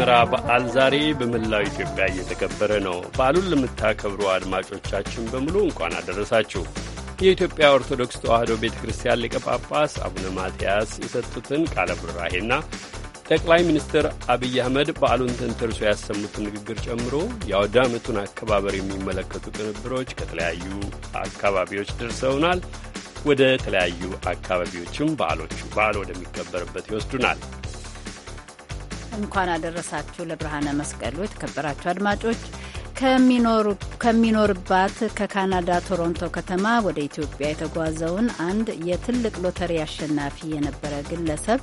የደመራ በዓል ዛሬ በመላው ኢትዮጵያ እየተከበረ ነው። በዓሉን ለምታከብሩ አድማጮቻችን በሙሉ እንኳን አደረሳችሁ። የኢትዮጵያ ኦርቶዶክስ ተዋሕዶ ቤተ ክርስቲያን ሊቀ ጳጳስ አቡነ ማትያስ የሰጡትን ቃለ ብራሄና ጠቅላይ ሚኒስትር አብይ አህመድ በዓሉን ተንተርሶ ያሰሙትን ንግግር ጨምሮ የአውደ ዓመቱን አከባበር የሚመለከቱ ቅንብሮች ከተለያዩ አካባቢዎች ደርሰውናል። ወደ ተለያዩ አካባቢዎችም በዓሎቹ በዓል ወደሚከበርበት ይወስዱናል። እንኳን አደረሳችሁ ለብርሃነ መስቀሉ። የተከበራችሁ አድማጮች ከሚኖርባት ከካናዳ ቶሮንቶ ከተማ ወደ ኢትዮጵያ የተጓዘውን አንድ የትልቅ ሎተሪ አሸናፊ የነበረ ግለሰብ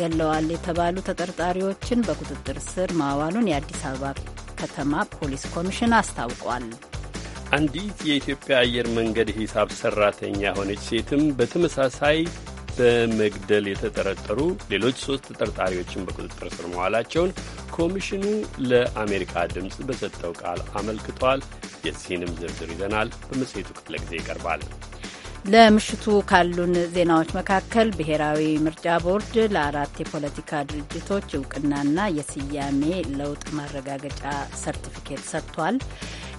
ገለዋል የተባሉ ተጠርጣሪዎችን በቁጥጥር ስር ማዋሉን የአዲስ አበባ ከተማ ፖሊስ ኮሚሽን አስታውቋል። አንዲት የኢትዮጵያ አየር መንገድ ሂሳብ ሰራተኛ የሆነች ሴትም በተመሳሳይ በመግደል የተጠረጠሩ ሌሎች ሶስት ተጠርጣሪዎችን በቁጥጥር ስር መዋላቸውን ኮሚሽኑ ለአሜሪካ ድምፅ በሰጠው ቃል አመልክቷል። የዚህንም ዝርዝር ይዘናል በመጽሔቱ ክፍለ ጊዜ ይቀርባል። ለምሽቱ ካሉን ዜናዎች መካከል ብሔራዊ ምርጫ ቦርድ ለአራት የፖለቲካ ድርጅቶች እውቅናና የስያሜ ለውጥ ማረጋገጫ ሰርቲፊኬት ሰጥቷል።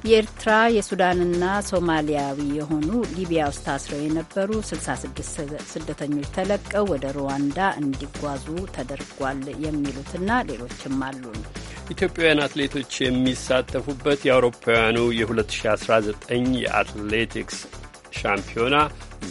የኤርትራ የሱዳንና ሶማሊያዊ የሆኑ ሊቢያ ውስጥ ታስረው የነበሩ 66 ስደተኞች ተለቀው ወደ ሩዋንዳ እንዲጓዙ ተደርጓል የሚሉትና ሌሎችም አሉ። ኢትዮጵያውያን አትሌቶች የሚሳተፉበት የአውሮፓውያኑ የ2019 የአትሌቲክስ ሻምፒዮና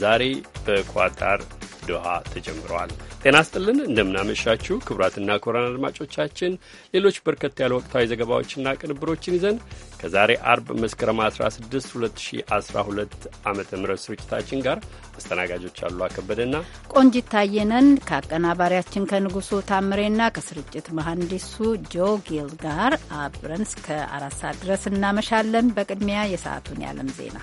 ዛሬ በኳጣር በዶሃ ተጀምረዋል። ጤና ስጥልን እንደምናመሻችሁ ክቡራትና ክቡራን አድማጮቻችን ሌሎች በርከት ያሉ ወቅታዊ ዘገባዎችና ቅንብሮችን ይዘን ከዛሬ አርብ መስከረም 16 2012 ዓ ም ስርጭታችን ጋር አስተናጋጆች አሉ አከበደና ቆንጂት ታየነን ከአቀናባሪያችን ከንጉሱ ታምሬና ከስርጭት መሐንዲሱ ጆ ጌል ጋር አብረን እስከ አራት ሰዓት ድረስ እናመሻለን። በቅድሚያ የሰዓቱን የዓለም ዜና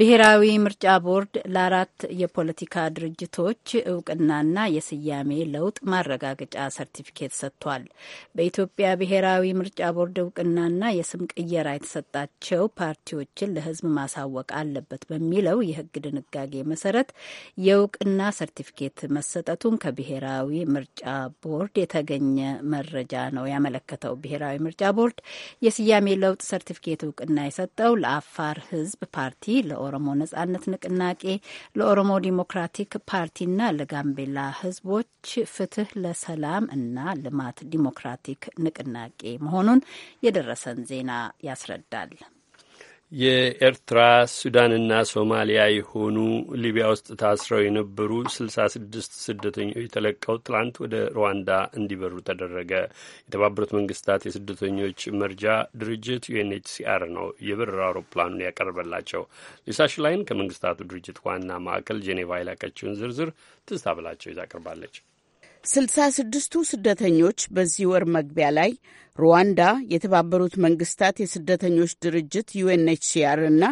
ብሔራዊ ምርጫ ቦርድ ለአራት የፖለቲካ ድርጅቶች እውቅናና የስያሜ ለውጥ ማረጋገጫ ሰርቲፊኬት ሰጥቷል። በኢትዮጵያ ብሔራዊ ምርጫ ቦርድ እውቅናና የስም ቅየራ የተሰጣቸው ፓርቲዎችን ለሕዝብ ማሳወቅ አለበት በሚለው የሕግ ድንጋጌ መሰረት የእውቅና ሰርቲፊኬት መሰጠቱን ከብሔራዊ ምርጫ ቦርድ የተገኘ መረጃ ነው ያመለከተው። ብሔራዊ ምርጫ ቦርድ የስያሜ ለውጥ ሰርቲፊኬት እውቅና የሰጠው ለአፋር ሕዝብ ፓርቲ ለኦ ለኦሮሞ ነጻነት ንቅናቄ፣ ለኦሮሞ ዲሞክራቲክ ፓርቲና ለጋምቤላ ህዝቦች ፍትህ ለሰላም እና ልማት ዲሞክራቲክ ንቅናቄ መሆኑን የደረሰን ዜና ያስረዳል። የኤርትራ ሱዳንና ሶማሊያ የሆኑ ሊቢያ ውስጥ ታስረው የነበሩ ስልሳ ስድስት ስደተኞች ተለቀው ትላንት ወደ ሩዋንዳ እንዲበሩ ተደረገ። የተባበሩት መንግስታት የስደተኞች መርጃ ድርጅት ዩኤንኤችሲአር ነው የበረራ አውሮፕላኑን ያቀረበላቸው። ሊሳሽ ከመንግስታቱ ድርጅት ዋና ማዕከል ጄኔቫ የላከችውን ዝርዝር ትዝታ ብላቸው ይዛ ቀርባለች። ስልሳ ስድስቱ ስደተኞች በዚህ ወር መግቢያ ላይ ሩዋንዳ፣ የተባበሩት መንግስታት የስደተኞች ድርጅት ዩኤንኤችሲአር እና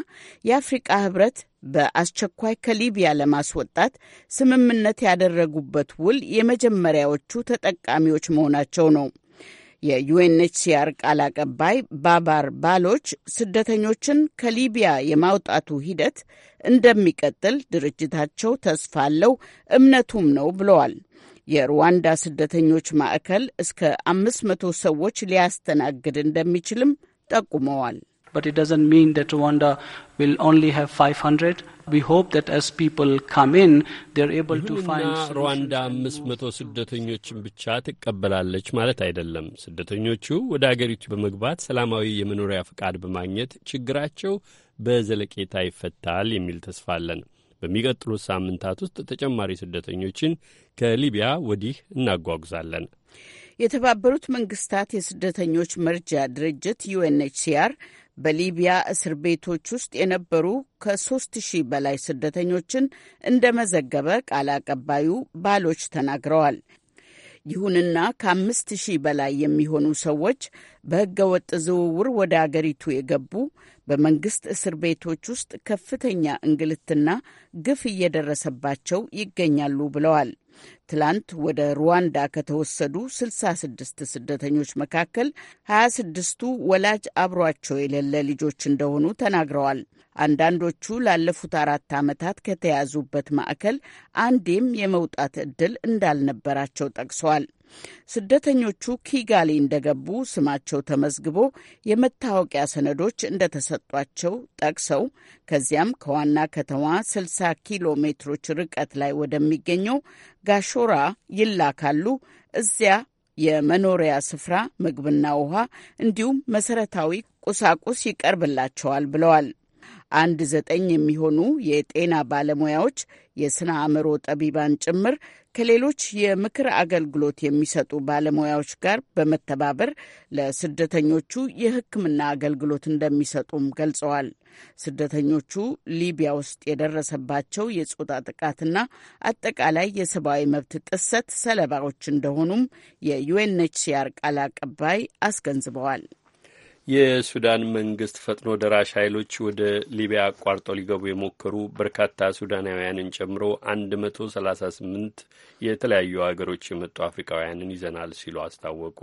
የአፍሪቃ ህብረት በአስቸኳይ ከሊቢያ ለማስወጣት ስምምነት ያደረጉበት ውል የመጀመሪያዎቹ ተጠቃሚዎች መሆናቸው ነው። የዩኤንኤችሲአር ቃል አቀባይ ባባር ባሎች ስደተኞችን ከሊቢያ የማውጣቱ ሂደት እንደሚቀጥል ድርጅታቸው ተስፋ አለው እምነቱም ነው ብለዋል። የሩዋንዳ ስደተኞች ማዕከል እስከ አምስት መቶ ሰዎች ሊያስተናግድ እንደሚችልም ጠቁመዋል። ሩዋንዳ አምስት መቶ ስደተኞችን ብቻ ትቀበላለች ማለት አይደለም። ስደተኞቹ ወደ አገሪቱ በመግባት ሰላማዊ የመኖሪያ ፈቃድ በማግኘት ችግራቸው በዘለቄታ ይፈታል የሚል ተስፋ አለን። በሚቀጥሉት ሳምንታት ውስጥ ተጨማሪ ስደተኞችን ከሊቢያ ወዲህ እናጓጉዛለን። የተባበሩት መንግስታት የስደተኞች መርጃ ድርጅት ዩኤንኤችሲአር በሊቢያ እስር ቤቶች ውስጥ የነበሩ ከሶስት ሺህ በላይ ስደተኞችን እንደመዘገበ ቃል አቀባዩ ባሎች ተናግረዋል። ይሁንና ከአምስት ሺህ በላይ የሚሆኑ ሰዎች በሕገ ወጥ ዝውውር ወደ አገሪቱ የገቡ በመንግስት እስር ቤቶች ውስጥ ከፍተኛ እንግልትና ግፍ እየደረሰባቸው ይገኛሉ ብለዋል። ትላንት ወደ ሩዋንዳ ከተወሰዱ 66 ስደተኞች መካከል 26ቱ ወላጅ አብሯቸው የሌለ ልጆች እንደሆኑ ተናግረዋል። አንዳንዶቹ ላለፉት አራት ዓመታት ከተያዙበት ማዕከል አንዴም የመውጣት ዕድል እንዳልነበራቸው ጠቅሰዋል። ስደተኞቹ ኪጋሊ እንደገቡ ስማቸው ተመዝግቦ የመታወቂያ ሰነዶች እንደተሰጧቸው ጠቅሰው ከዚያም ከዋና ከተማ 60 ኪሎ ሜትሮች ርቀት ላይ ወደሚገኘው ጋሾራ ይላካሉ። እዚያ የመኖሪያ ስፍራ፣ ምግብና ውሃ እንዲሁም መሰረታዊ ቁሳቁስ ይቀርብላቸዋል ብለዋል። አንድ ዘጠኝ የሚሆኑ የጤና ባለሙያዎች የስነ አእምሮ ጠቢባን ጭምር ከሌሎች የምክር አገልግሎት የሚሰጡ ባለሙያዎች ጋር በመተባበር ለስደተኞቹ የሕክምና አገልግሎት እንደሚሰጡም ገልጸዋል። ስደተኞቹ ሊቢያ ውስጥ የደረሰባቸው የጾታ ጥቃትና አጠቃላይ የሰብአዊ መብት ጥሰት ሰለባዎች እንደሆኑም የዩኤንኤችሲአር ቃል አቀባይ አስገንዝበዋል። የሱዳን መንግስት ፈጥኖ ደራሽ ኃይሎች ወደ ሊቢያ አቋርጠው ሊገቡ የሞከሩ በርካታ ሱዳናውያንን ጨምሮ 138 የተለያዩ ሀገሮች የመጡ አፍሪካውያንን ይዘናል ሲሉ አስታወቁ።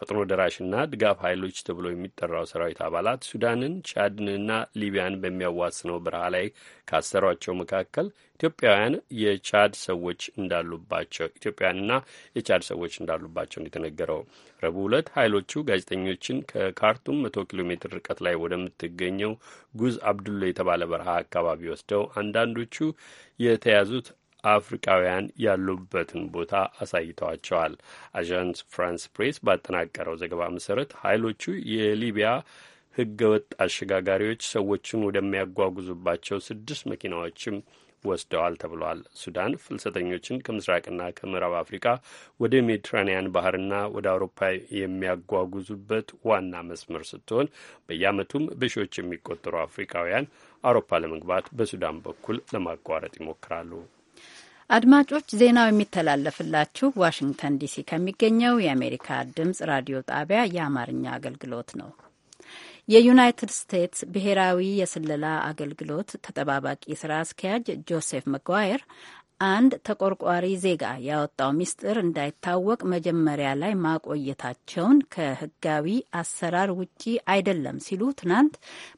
ፈጥኖ ደራሽና ድጋፍ ኃይሎች ተብሎ የሚጠራው ሰራዊት አባላት ሱዳንን፣ ቻድንና ሊቢያን በሚያዋስነው በረሃ ላይ ካሰሯቸው መካከል ኢትዮጵያውያን የቻድ ሰዎች እንዳሉባቸው ኢትዮጵያውያንና የቻድ ሰዎች እንዳሉባቸው ነው የተነገረው። ረቡዕ ዕለት ኃይሎቹ ጋዜጠኞችን ከካርቱም መቶ ኪሎ ሜትር ርቀት ላይ ወደምትገኘው ጉዝ አብዱሎ የተባለ በረሃ አካባቢ ወስደው አንዳንዶቹ የተያዙት አፍሪካውያን ያሉበትን ቦታ አሳይተዋቸዋል። አዣንስ ፍራንስ ፕሬስ ባጠናቀረው ዘገባ መሰረት ኃይሎቹ የሊቢያ ህገወጥ አሸጋጋሪዎች ሰዎችን ወደሚያጓጉዙባቸው ስድስት መኪናዎችም ወስደዋል ተብሏል። ሱዳን ፍልሰተኞችን ከምስራቅና ከምዕራብ አፍሪካ ወደ ሜዲትራንያን ባህርና ወደ አውሮፓ የሚያጓጉዙበት ዋና መስመር ስትሆን በየዓመቱም በሺዎች የሚቆጠሩ አፍሪካውያን አውሮፓ ለመግባት በሱዳን በኩል ለማቋረጥ ይሞክራሉ። አድማጮች ዜናው የሚተላለፍላችሁ ዋሽንግተን ዲሲ ከሚገኘው የአሜሪካ ድምጽ ራዲዮ ጣቢያ የአማርኛ አገልግሎት ነው። የዩናይትድ ስቴትስ ብሔራዊ የስለላ አገልግሎት ተጠባባቂ ስራ አስኪያጅ ጆሴፍ መጓየር አንድ ተቆርቋሪ ዜጋ ያወጣው ሚስጥር እንዳይታወቅ መጀመሪያ ላይ ማቆየታቸውን ከሕጋዊ አሰራር ውጪ አይደለም ሲሉ ትናንት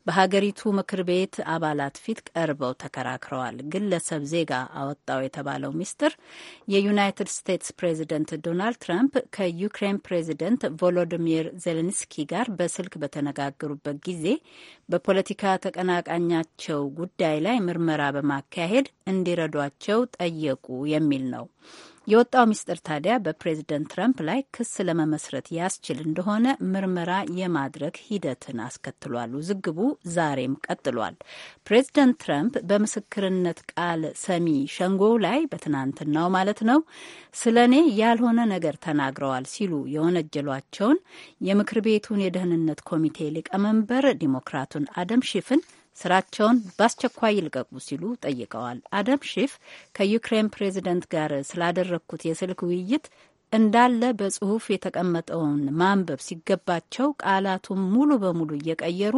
በሀገሪቱ ምክር ቤት አባላት ፊት ቀርበው ተከራክረዋል። ግለሰብ ዜጋ አወጣው የተባለው ሚስጥር የዩናይትድ ስቴትስ ፕሬዚደንት ዶናልድ ትራምፕ ከዩክሬን ፕሬዚደንት ቮሎዲሚር ዜሌንስኪ ጋር በስልክ በተነጋገሩበት ጊዜ በፖለቲካ ተቀናቃኛቸው ጉዳይ ላይ ምርመራ በማካሄድ እንዲረዷቸው ጠየቁ የሚል ነው። የወጣው ምስጢር ታዲያ በፕሬዝደንት ትረምፕ ላይ ክስ ለመመስረት ያስችል እንደሆነ ምርመራ የማድረግ ሂደትን አስከትሏል። ውዝግቡ ዛሬም ቀጥሏል። ፕሬዝደንት ትረምፕ በምስክርነት ቃል ሰሚ ሸንጎው ላይ በትናንትናው ማለት ነው ስለ እኔ ያልሆነ ነገር ተናግረዋል ሲሉ የወነጀሏቸውን የምክር ቤቱን የደህንነት ኮሚቴ ሊቀመንበር ዲሞክራቱን አደም ሺፍን ስራቸውን በአስቸኳይ ይልቀቁ ሲሉ ጠይቀዋል። አደም ሺፍ ከዩክሬን ፕሬዚደንት ጋር ስላደረግኩት የስልክ ውይይት እንዳለ በጽሁፍ የተቀመጠውን ማንበብ ሲገባቸው ቃላቱን ሙሉ በሙሉ እየቀየሩ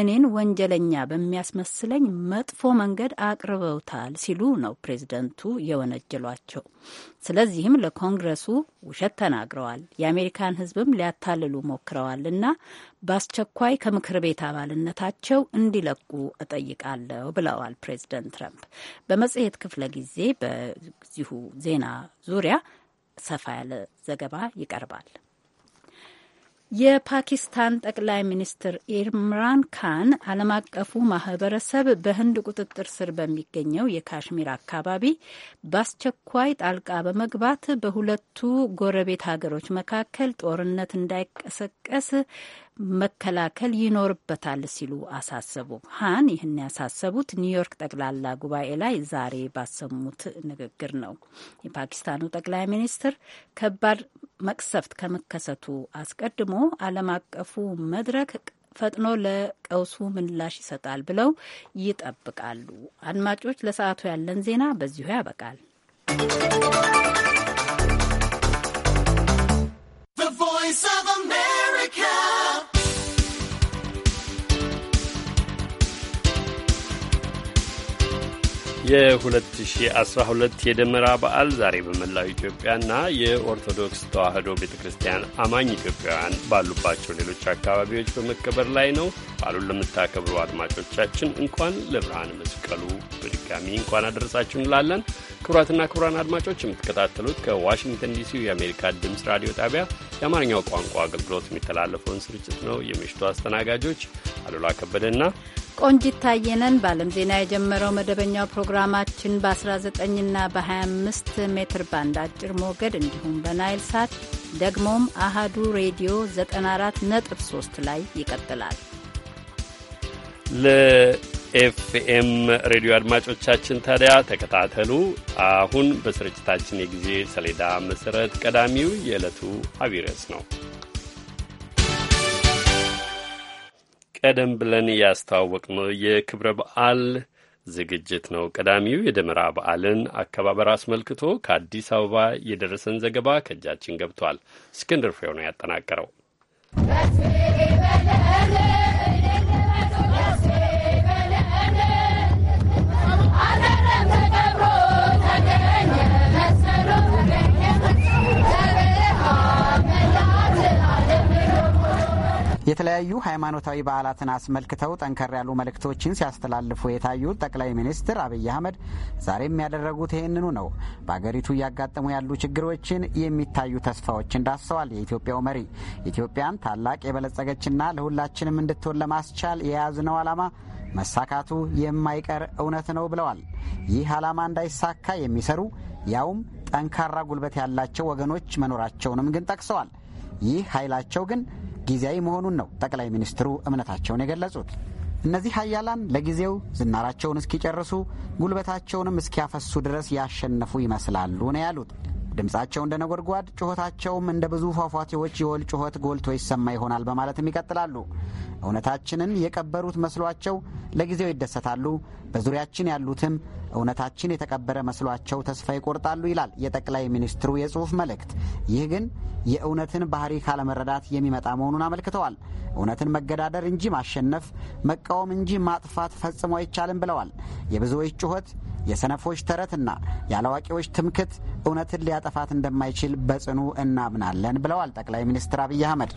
እኔን ወንጀለኛ በሚያስመስለኝ መጥፎ መንገድ አቅርበውታል ሲሉ ነው ፕሬዝደንቱ የወነጀሏቸው። ስለዚህም ለኮንግረሱ ውሸት ተናግረዋል፣ የአሜሪካን ሕዝብም ሊያታልሉ ሞክረዋል እና በአስቸኳይ ከምክር ቤት አባልነታቸው እንዲለቁ እጠይቃለሁ ብለዋል ፕሬዝደንት ትረምፕ። በመጽሔት ክፍለ ጊዜ በዚሁ ዜና ዙሪያ ሰፋ ያለ ዘገባ ይቀርባል። የፓኪስታን ጠቅላይ ሚኒስትር ኢምራን ካን ዓለም አቀፉ ማህበረሰብ በህንድ ቁጥጥር ስር በሚገኘው የካሽሚር አካባቢ በአስቸኳይ ጣልቃ በመግባት በሁለቱ ጎረቤት ሀገሮች መካከል ጦርነት እንዳይቀሰቀስ መከላከል ይኖርበታል ሲሉ አሳሰቡ። ሀን ይህን ያሳሰቡት ኒውዮርክ ጠቅላላ ጉባኤ ላይ ዛሬ ባሰሙት ንግግር ነው። የፓኪስታኑ ጠቅላይ ሚኒስትር ከባድ መቅሰፍት ከመከሰቱ አስቀድሞ ዓለም አቀፉ መድረክ ፈጥኖ ለቀውሱ ምላሽ ይሰጣል ብለው ይጠብቃሉ። አድማጮች፣ ለሰዓቱ ያለን ዜና በዚሁ ያበቃል። የ2012 የደመራ በዓል ዛሬ በመላው ኢትዮጵያና የኦርቶዶክስ ተዋሕዶ ቤተ ክርስቲያን አማኝ ኢትዮጵያውያን ባሉባቸው ሌሎች አካባቢዎች በመከበር ላይ ነው። በዓሉን ለምታከብሩ አድማጮቻችን እንኳን ለብርሃን መስቀሉ በድጋሚ እንኳን አደረሳችሁ እንላለን። ክቡራትና ክቡራን አድማጮች የምትከታተሉት ከዋሽንግተን ዲሲው የአሜሪካ ድምፅ ራዲዮ ጣቢያ የአማርኛው ቋንቋ አገልግሎት የሚተላለፈውን ስርጭት ነው። የምሽቱ አስተናጋጆች አሉላ ከበደና ቆንጂት ታየነን በዓለም ዜና የጀመረው መደበኛው ፕሮግራማችን በ19ና በ25 ሜትር ባንድ አጭር ሞገድ እንዲሁም በናይል ሳት ደግሞም አሃዱ ሬዲዮ 94.3 ላይ ይቀጥላል። ለኤፍኤም ሬዲዮ አድማጮቻችን ታዲያ ተከታተሉ። አሁን በስርጭታችን የጊዜ ሰሌዳ መሰረት ቀዳሚው የዕለቱ አቢረስ ነው። ቀደም ብለን ያስተዋወቅነው የክብረ በዓል ዝግጅት ነው። ቀዳሚው የደመራ በዓልን አከባበር አስመልክቶ ከአዲስ አበባ የደረሰን ዘገባ ከእጃችን ገብቷል። እስክንድር ፍሬው ነው ያጠናቀረው። የተለያዩ ሃይማኖታዊ በዓላትን አስመልክተው ጠንከር ያሉ መልእክቶችን ሲያስተላልፉ የታዩት ጠቅላይ ሚኒስትር አብይ አህመድ ዛሬም ያደረጉት ይህንኑ ነው። በአገሪቱ እያጋጠሙ ያሉ ችግሮችን፣ የሚታዩ ተስፋዎችን ዳስሰዋል። የኢትዮጵያው መሪ ኢትዮጵያን ታላቅ የበለጸገችና ለሁላችንም እንድትሆን ለማስቻል የያዝነው ዓላማ መሳካቱ የማይቀር እውነት ነው ብለዋል። ይህ ዓላማ እንዳይሳካ የሚሰሩ ያውም ጠንካራ ጉልበት ያላቸው ወገኖች መኖራቸውንም ግን ጠቅሰዋል። ይህ ኃይላቸው ግን ጊዜያዊ መሆኑን ነው ጠቅላይ ሚኒስትሩ እምነታቸውን የገለጹት። እነዚህ ሀያላን ለጊዜው ዝናራቸውን እስኪጨርሱ ጉልበታቸውንም እስኪያፈሱ ድረስ ያሸነፉ ይመስላሉ ነው ያሉት። ድምፃቸው እንደ ነጎድጓድ፣ ጩኸታቸውም እንደ ብዙ ፏፏቴዎች የወል ጩኸት ጎልቶ ይሰማ ይሆናል በማለትም ይቀጥላሉ። እውነታችንን የቀበሩት መስሏቸው ለጊዜው ይደሰታሉ፣ በዙሪያችን ያሉትም እውነታችን የተቀበረ መስሏቸው ተስፋ ይቆርጣሉ ይላል የጠቅላይ ሚኒስትሩ የጽሑፍ መልእክት። ይህ ግን የእውነትን ባህሪ ካለመረዳት የሚመጣ መሆኑን አመልክተዋል። እውነትን መገዳደር እንጂ ማሸነፍ፣ መቃወም እንጂ ማጥፋት ፈጽሞ አይቻልም ብለዋል። የብዙዎች ጩኸት፣ የሰነፎች ተረትና የአላዋቂዎች ትምክት እውነትን ሊያጠፋት እንደማይችል በጽኑ እናምናለን ብለዋል ጠቅላይ ሚኒስትር አብይ አህመድ።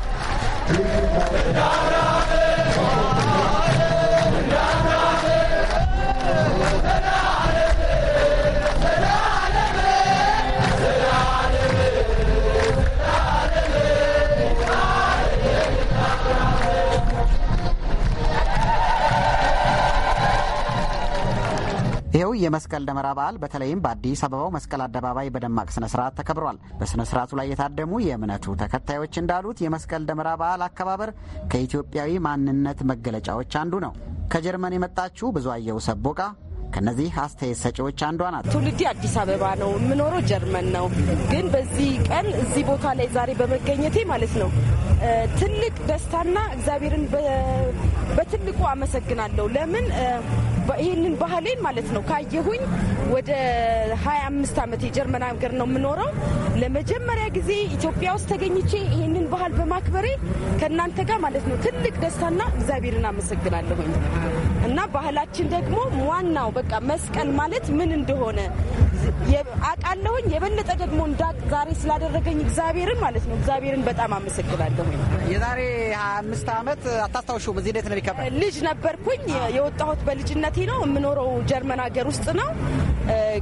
ይኸው የመስቀል ደመራ በዓል በተለይም በአዲስ አበባው መስቀል አደባባይ በደማቅ ስነ ስርዓት ተከብሯል። በስነ ስርዓቱ ላይ የታደሙ የእምነቱ ተከታዮች እንዳሉት የመስቀል ደመራ በዓል አከባበር ከኢትዮጵያዊ ማንነት መገለጫዎች አንዱ ነው። ከጀርመን የመጣችው ብዙ አየው ሰቦቃ ከነዚህ አስተያየት ሰጪዎች አንዷ ናት። ትውልዴ አዲስ አበባ ነው፣ የምኖረው ጀርመን ነው። ግን በዚህ ቀን እዚህ ቦታ ላይ ዛሬ በመገኘቴ ማለት ነው ትልቅ ደስታና እግዚአብሔርን በትልቁ አመሰግናለሁ። ለምን ይህንን ባህሌን ማለት ነው ካየሁኝ ወደ 25 ዓመት የጀርመን ሀገር ነው የምኖረው። ለመጀመሪያ ጊዜ ኢትዮጵያ ውስጥ ተገኝቼ ይህንን ባህል በማክበሬ ከእናንተ ጋር ማለት ነው ትልቅ ደስታና እግዚአብሔርን አመሰግናለሁኝ። እና ባህላችን ደግሞ ዋናው በቃ መስቀል ማለት ምን እንደሆነ አቃለሁኝ። የበለጠ ደግሞ እንዳ ዛሬ ስላደረገኝ እግዚአብሔርን ማለት ነው እግዚአብሔርን በጣም አመሰግናለሁ። የዛሬ ሀያ አምስት ዓመት አታስታውሹም? እዚህ እንዴት ነው የሚከበር? ልጅ ነበርኩኝ። የወጣሁት በልጅነቴ ነው። የምኖረው ጀርመን ሀገር ውስጥ ነው።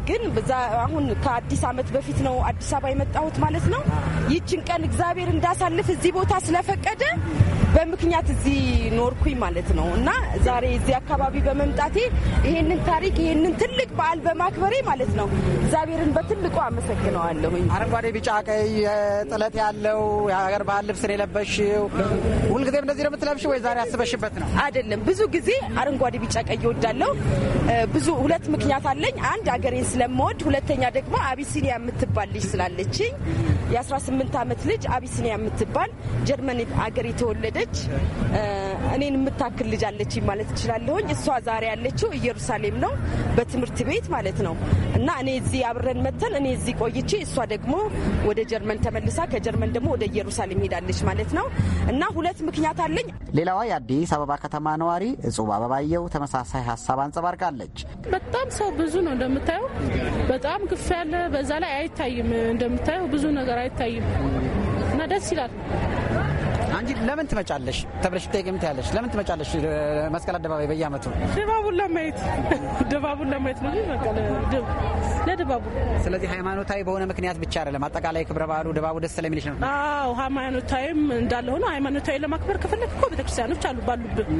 ግን አሁን ከአዲስ አመት በፊት ነው አዲስ አበባ የመጣሁት ማለት ነው። ይችን ቀን እግዚአብሔር እንዳሳልፍ እዚህ ቦታ ስለፈቀደ በምክንያት እዚህ ኖርኩኝ ማለት ነው እና ዛሬ እዚህ አካባቢ በመምጣቴ ይህንን ታሪክ ይህንን ትልቅ በዓል በማክበሬ ማለት ነው እግዚአብሔርን በትልቁ አመሰግነዋለሁ። አረንጓዴ፣ ቢጫ፣ ቀይ ጥለት ያለው የሀገር ባህል ልብስን የለበሽው ሁልጊዜም እንደዚህ ነው የምትለብሽ ወይ ዛሬ አስበሽበት ነው? አይደለም ብዙ ጊዜ አረንጓዴ፣ ቢጫ፣ ቀይ እወዳለሁ። ብዙ ሁለት ምክንያት አለኝ። አንድ አገሬን ስለምወድ፣ ሁለተኛ ደግሞ አቢሲኒያ የምትባል ልጅ ስላለችኝ የ18 ዓመት ልጅ አቢሲኒያ የምትባል ጀርመን አገር የተወለደች እኔን የምታክል ልጅ አለችኝ ማለት እችላለሁኝ። እሷ ዛሬ ያለችው ኢየሩሳሌም ነው በትምህርት ቤት ማለት ነው። እና እኔ እዚህ አብረን መተን እኔ እዚህ ቆይቼ እሷ ደግሞ ወደ ጀርመን ተመልሳ ከጀርመን ደግሞ ወደ ኢየሩሳሌም ሄዳለች ማለት ነው። እና ሁለት ምክንያት አለኝ። ሌላዋ የአዲስ አበባ ከተማ ነዋሪ እጹብ አበባየው ተመሳሳይ ሀሳብ አንጸባርቃለች። በጣም ሰው ብዙ ነው እንደምታየው፣ በጣም ግፍ ያለ በዛ ላይ አይታይም። እንደምታየው ብዙ ነገር አይታይም እና ደስ ይላል። አንቺ ለምን ትመጫለሽ ተብለሽ ትጠይቅም ትያለሽ። ለምን ትመጫለሽ መስቀል አደባባይ በየአመቱ? ድባቡን ለማየት ድባቡን ለማየት ነው ለድባቡ። ስለዚህ ሃይማኖታዊ በሆነ ምክንያት ብቻ አይደለም፣ አጠቃላይ ክብረ በዓሉ ድባቡ ደስ ስለሚልሽ ነው። አዎ ሃይማኖታዊም እንዳለ ሆኖ ሃይማኖታዊ ለማክበር ከፈለግ እኮ ቤተክርስቲያኖች አሉ ባሉብን።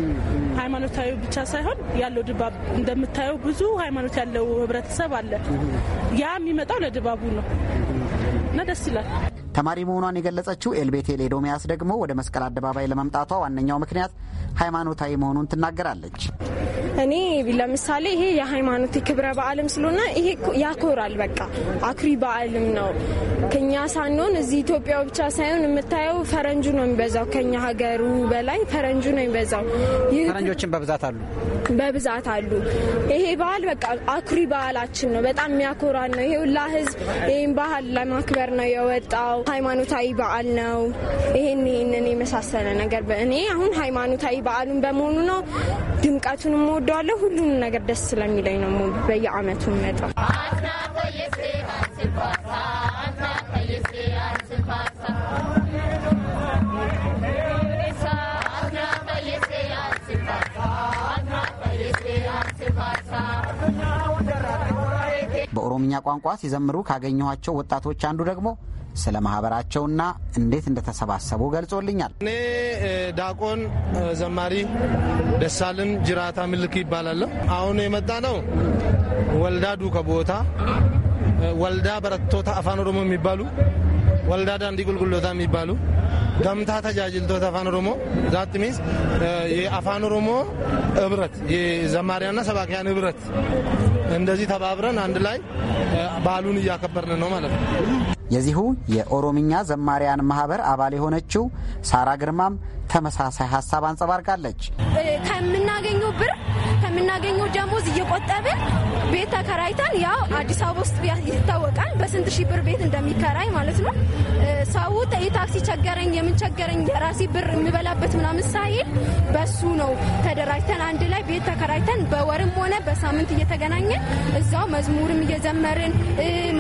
ሃይማኖታዊ ብቻ ሳይሆን ያለው ድባብ እንደምታየው ብዙ ሃይማኖት ያለው ህብረተሰብ አለ። ያ የሚመጣው ለድባቡ ነው እና ደስ ይላል። ተማሪ መሆኗን የገለጸችው ኤልቤቴ ሌዶሚያስ ደግሞ ወደ መስቀል አደባባይ ለመምጣቷ ዋነኛው ምክንያት ሃይማኖታዊ መሆኑን ትናገራለች። እኔ ለምሳሌ ይሄ የሃይማኖት የክብረ በዓልም ስለሆነ ይሄ ያኮራል። በቃ አኩሪ በዓልም ነው። ከኛ ሳንሆን እዚህ ኢትዮጵያ ብቻ ሳይሆን የምታየው ፈረንጁ ነው የሚበዛው። ከኛ ሀገሩ በላይ ፈረንጁ ነው የሚበዛው። ፈረንጆችን በብዛት አሉ በብዛት አሉ። ይሄ ባህል በቃ አኩሪ ባህላችን ነው። በጣም የሚያኮራን ነው። ይሄ ሁላ ህዝብ ይህም ባህል ለማክበር ነው የወጣው ሃይማኖታዊ በዓል ነው። ይህን ይህንን የመሳሰለ ነገር እኔ አሁን ሃይማኖታዊ በዓሉን በመሆኑ ነው ድምቀቱን እወደዋለሁ። ሁሉንም ነገር ደስ ስለሚለኝ ነው በየአመቱ መጣ በኦሮምኛ ቋንቋ ሲዘምሩ ካገኘኋቸው ወጣቶች አንዱ ደግሞ ስለ ማህበራቸውና እንዴት እንደተሰባሰቡ ገልጾልኛል። እኔ ዳቆን ዘማሪ ደሳልን ጅራታ ምልክ ይባላለሁ። አሁን የመጣ ነው ወልዳ ዱከ ቦታ ወልዳ በረቶታ አፋን ኦሮሞ የሚባሉ ወልዳ ዳንዲ ጉልጉሎታ የሚባሉ ገምታ ተጃጅልቶት አፋን ኦሮሞ ዛት ሚንስ የአፋን ኦሮሞ እብረት የዘማሪያና ሰባኪያን ህብረት እንደዚህ ተባብረን አንድ ላይ በዓሉን እያከበርን ነው ማለት ነው። የዚሁ የኦሮምኛ ዘማሪያን ማህበር አባል የሆነችው ሳራ ግርማም ተመሳሳይ ሀሳብ አንጸባርቃለች። ከምናገኘ ከምናገኘው ደሞዝ እየቆጠብን ቤት ተከራይተን ያው አዲስ አበባ ውስጥ ይታወቃል በስንት ሺህ ብር ቤት እንደሚከራይ ማለት ነው። ሰው የታክሲ ቸገረኝ የምንቸገረኝ የራሴ ብር የምበላበት ምናምን ሳይል በሱ ነው ተደራጅተን አንድ ላይ ቤት ተከራይተን በወርም ሆነ በሳምንት እየተገናኘን እዛው መዝሙርም እየዘመርን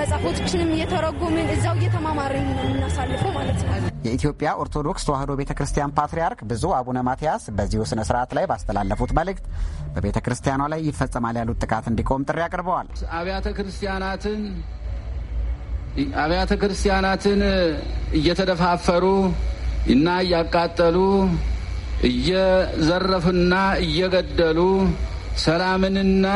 መጽሐፎችንም እየተረጎምን እዛው እየተማማርን የምናሳልፈው ማለት ነው። የኢትዮጵያ ኦርቶዶክስ ተዋሕዶ ቤተ ክርስቲያን ፓትርያርክ ብፁዕ አቡነ ማትያስ በዚሁ ስነ ስርዓት ላይ ባስተላለፉት መልእክት በቤተ ክርስቲያኗ ላይ ይፈጸማል ያሉት ጥቃት እንዲቆም ጥሪ አቅርበዋል። አብያተ ክርስቲያናትን አብያተ ክርስቲያናትን እየተደፋፈሩ እና እያቃጠሉ እየዘረፉና እየገደሉ ሰላምንና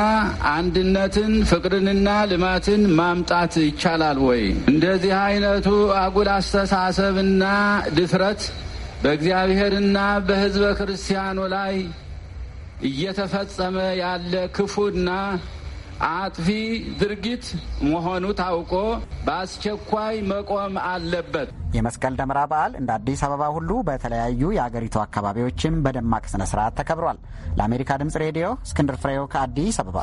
አንድነትን ፍቅርንና ልማትን ማምጣት ይቻላል ወይ? እንደዚህ አይነቱ አጉል አስተሳሰብና ድፍረት በእግዚአብሔርና በሕዝበ ክርስቲያኑ ላይ እየተፈጸመ ያለ ክፉና አጥፊ ድርጊት መሆኑ ታውቆ በአስቸኳይ መቆም አለበት። የመስቀል ደመራ በዓል እንደ አዲስ አበባ ሁሉ በተለያዩ የአገሪቱ አካባቢዎችም በደማቅ ስነ ስርዓት ተከብሯል። ለአሜሪካ ድምጽ ሬዲዮ እስክንድር ፍሬው ከአዲስ አበባ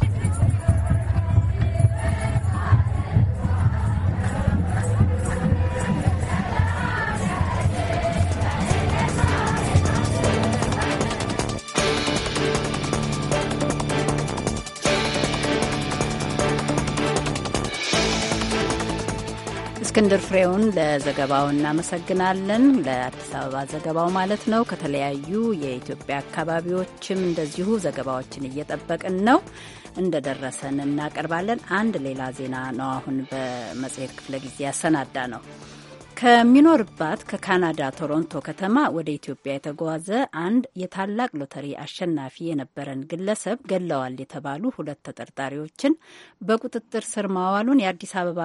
እስክንድር ፍሬውን ለዘገባው እናመሰግናለን። ለአዲስ አበባ ዘገባው ማለት ነው። ከተለያዩ የኢትዮጵያ አካባቢዎችም እንደዚሁ ዘገባዎችን እየጠበቅን ነው፣ እንደደረሰን እናቀርባለን። አንድ ሌላ ዜና ነው አሁን በመጽሔት ክፍለ ጊዜ ያሰናዳ ነው። ከሚኖርባት ከካናዳ ቶሮንቶ ከተማ ወደ ኢትዮጵያ የተጓዘ አንድ የታላቅ ሎተሪ አሸናፊ የነበረን ግለሰብ ገለዋል የተባሉ ሁለት ተጠርጣሪዎችን በቁጥጥር ስር ማዋሉን የአዲስ አበባ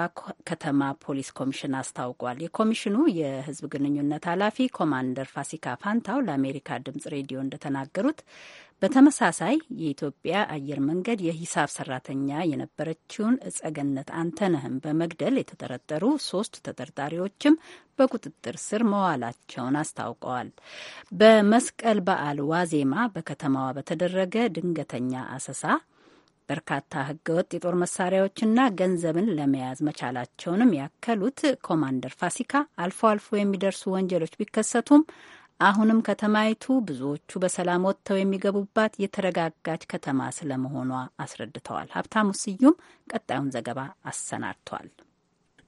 ከተማ ፖሊስ ኮሚሽን አስታውቋል። የኮሚሽኑ የሕዝብ ግንኙነት ኃላፊ ኮማንደር ፋሲካ ፋንታው ለአሜሪካ ድምጽ ሬዲዮ እንደተናገሩት በተመሳሳይ የኢትዮጵያ አየር መንገድ የሂሳብ ሰራተኛ የነበረችውን እጸገነት አንተነህን በመግደል የተጠረጠሩ ሶስት ተጠርጣሪዎችም በቁጥጥር ስር መዋላቸውን አስታውቀዋል። በመስቀል በዓል ዋዜማ በከተማዋ በተደረገ ድንገተኛ አሰሳ በርካታ ህገወጥ የጦር መሳሪያዎችና ገንዘብን ለመያዝ መቻላቸውንም ያከሉት ኮማንደር ፋሲካ አልፎ አልፎ የሚደርሱ ወንጀሎች ቢከሰቱም አሁንም ከተማይቱ ብዙዎቹ በሰላም ወጥተው የሚገቡባት የተረጋጋች ከተማ ስለመሆኗ አስረድተዋል። ሀብታሙ ስዩም ቀጣዩን ዘገባ አሰናድቷል።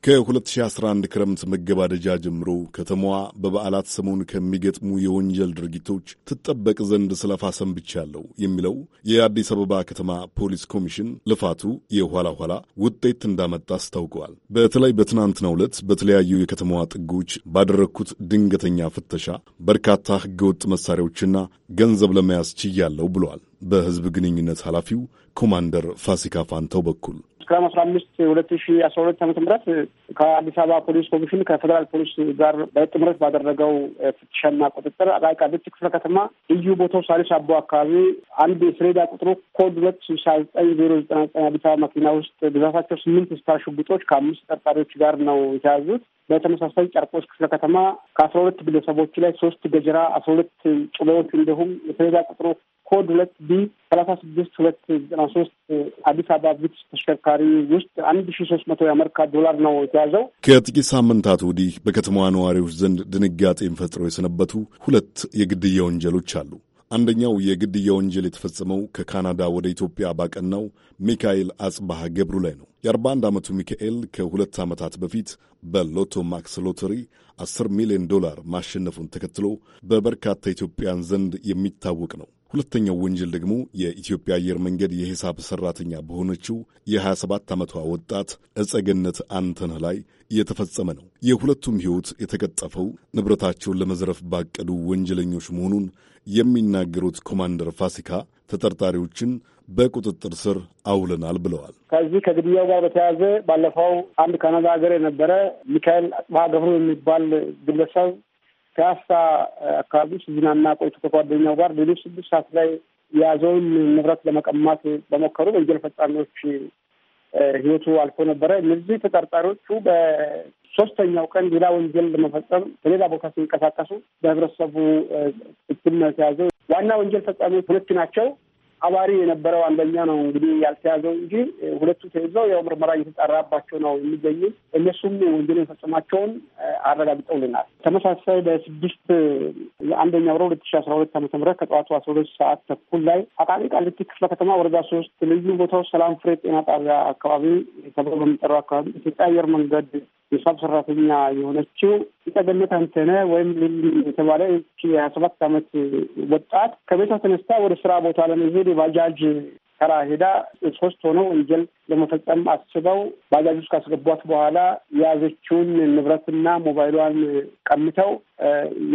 ከ2011 ክረምት መገባደጃ ጀምሮ ከተማዋ በበዓላት ሰሞን ከሚገጥሙ የወንጀል ድርጊቶች ትጠበቅ ዘንድ ስለፋ ሰንብቻለሁ የሚለው የአዲስ አበባ ከተማ ፖሊስ ኮሚሽን ልፋቱ የኋላ ኋላ ውጤት እንዳመጣ አስታውቀዋል። በተለይ በትናንትናው ዕለት በተለያዩ የከተማዋ ጥጎች ባደረግኩት ድንገተኛ ፍተሻ በርካታ ህገወጥ መሳሪያዎችና ገንዘብ ለመያዝ ችያለሁ ብለዋል በህዝብ ግንኙነት ኃላፊው ኮማንደር ፋሲካ ፋንተው በኩል መስከረም አስራ አምስት ሁለት ሺ አስራ ሁለት ዓመተ ምህረት ከአዲስ አበባ ፖሊስ ኮሚሽን ከፌደራል ፖሊስ ጋር በጥምረት ባደረገው ፍትሻና ቁጥጥር አቃቂ ቃሊቲ ክፍለ ከተማ ልዩ ቦታው ሳሊስ አቦ አካባቢ አንድ የሰሌዳ ቁጥሩ ኮድ ሁለት ስልሳ ዘጠኝ ዜሮ ዘጠና ዘጠኝ አዲስ አበባ መኪና ውስጥ ብዛታቸው ስምንት ስታር ሽጉጦች ከአምስት ተጠርጣሪዎች ጋር ነው የተያዙት። በተመሳሳይ ጨርቆች ክፍለ ከተማ ከአስራ ሁለት ግለሰቦች ላይ ሶስት ገጀራ፣ አስራ ሁለት ጩቤዎች እንዲሁም የተለዛ ቁጥሮ ኮድ ሁለት ቢ ሰላሳ ስድስት ሁለት ዘጠና ሶስት አዲስ አበባ ቪትስ ተሽከርካሪ ውስጥ አንድ ሺ ሶስት መቶ የአሜሪካ ዶላር ነው የተያዘው። ከጥቂት ሳምንታት ወዲህ በከተማዋ ነዋሪዎች ዘንድ ድንጋጤን ፈጥረው የሰነበቱ ሁለት የግድያ ወንጀሎች አሉ። አንደኛው የግድያ ወንጀል የተፈጸመው ከካናዳ ወደ ኢትዮጵያ ባቀናው ሚካኤል አጽባሃ ገብሩ ላይ ነው። የ41 ዓመቱ ሚካኤል ከሁለት ዓመታት በፊት በሎቶ ማክስ ሎተሪ 10 ሚሊዮን ዶላር ማሸነፉን ተከትሎ በበርካታ ኢትዮጵያን ዘንድ የሚታወቅ ነው። ሁለተኛው ወንጀል ደግሞ የኢትዮጵያ አየር መንገድ የሂሳብ ሠራተኛ በሆነችው የ27 ዓመቷ ወጣት እጸገነት አንተነህ ላይ እየተፈጸመ ነው። የሁለቱም ሕይወት የተቀጠፈው ንብረታቸውን ለመዝረፍ ባቀዱ ወንጀለኞች መሆኑን የሚናገሩት ኮማንደር ፋሲካ ተጠርጣሪዎችን በቁጥጥር ስር አውለናል ብለዋል። ከዚህ ከግድያው ጋር በተያያዘ ባለፈው አንድ ካናዳ ሀገር የነበረ ሚካኤል አጽባ ገብሩ የሚባል ግለሰብ ፒያሳ አካባቢ ሲዝናና ቆይቶ ከጓደኛው ጋር ሌሎች ስድስት ሰዓት ላይ የያዘውን ንብረት ለመቀማት በሞከሩ በእንጀል ፈጻሚዎች ህይወቱ አልፎ ነበረ። እነዚህ ተጠርጣሪዎቹ ሶስተኛው ቀን ሌላ ወንጀል ለመፈጸም በሌላ ቦታ ሲንቀሳቀሱ በህብረተሰቡ እትም ተያዘው። ዋና ወንጀል ፈጻሚዎች ሁለት ናቸው። አባሪ የነበረው አንደኛ ነው እንግዲህ ያልተያዘው እንጂ ሁለቱ ተይዘው ያው ምርመራ እየተጣራባቸው ነው የሚገኙ። እነሱም ወንጀል የፈጸማቸውን አረጋግጠውልናል። ተመሳሳይ በስድስት የአንደኛ ወረ ሁለት ሺ አስራ ሁለት ዓመተ ምህረት ከጠዋቱ አስራ ሁለት ሰዓት ተኩል ላይ አቃቂ ቃሊቲ ክፍለ ከተማ ወረዳ ሶስት ልዩ ቦታው ሰላም ፍሬ ጤና ጣቢያ አካባቢ ተብሎ በሚጠራው አካባቢ ኢትዮጵያ አየር መንገድ የሂሳብ ሰራተኛ የሆነችው ጸገነት አንተነ ወይም የተባለ የተባለች የሀያ ሰባት አመት ወጣት ከቤቷ ተነስታ ወደ ስራ ቦታ ለመሄድ የባጃጅ ተራ ሄዳ ሶስት ሆኖ ወንጀል ለመፈጸም አስበው ባጃጅ ውስጥ ካስገቧት በኋላ የያዘችውን ንብረትና ሞባይሏን ቀምተው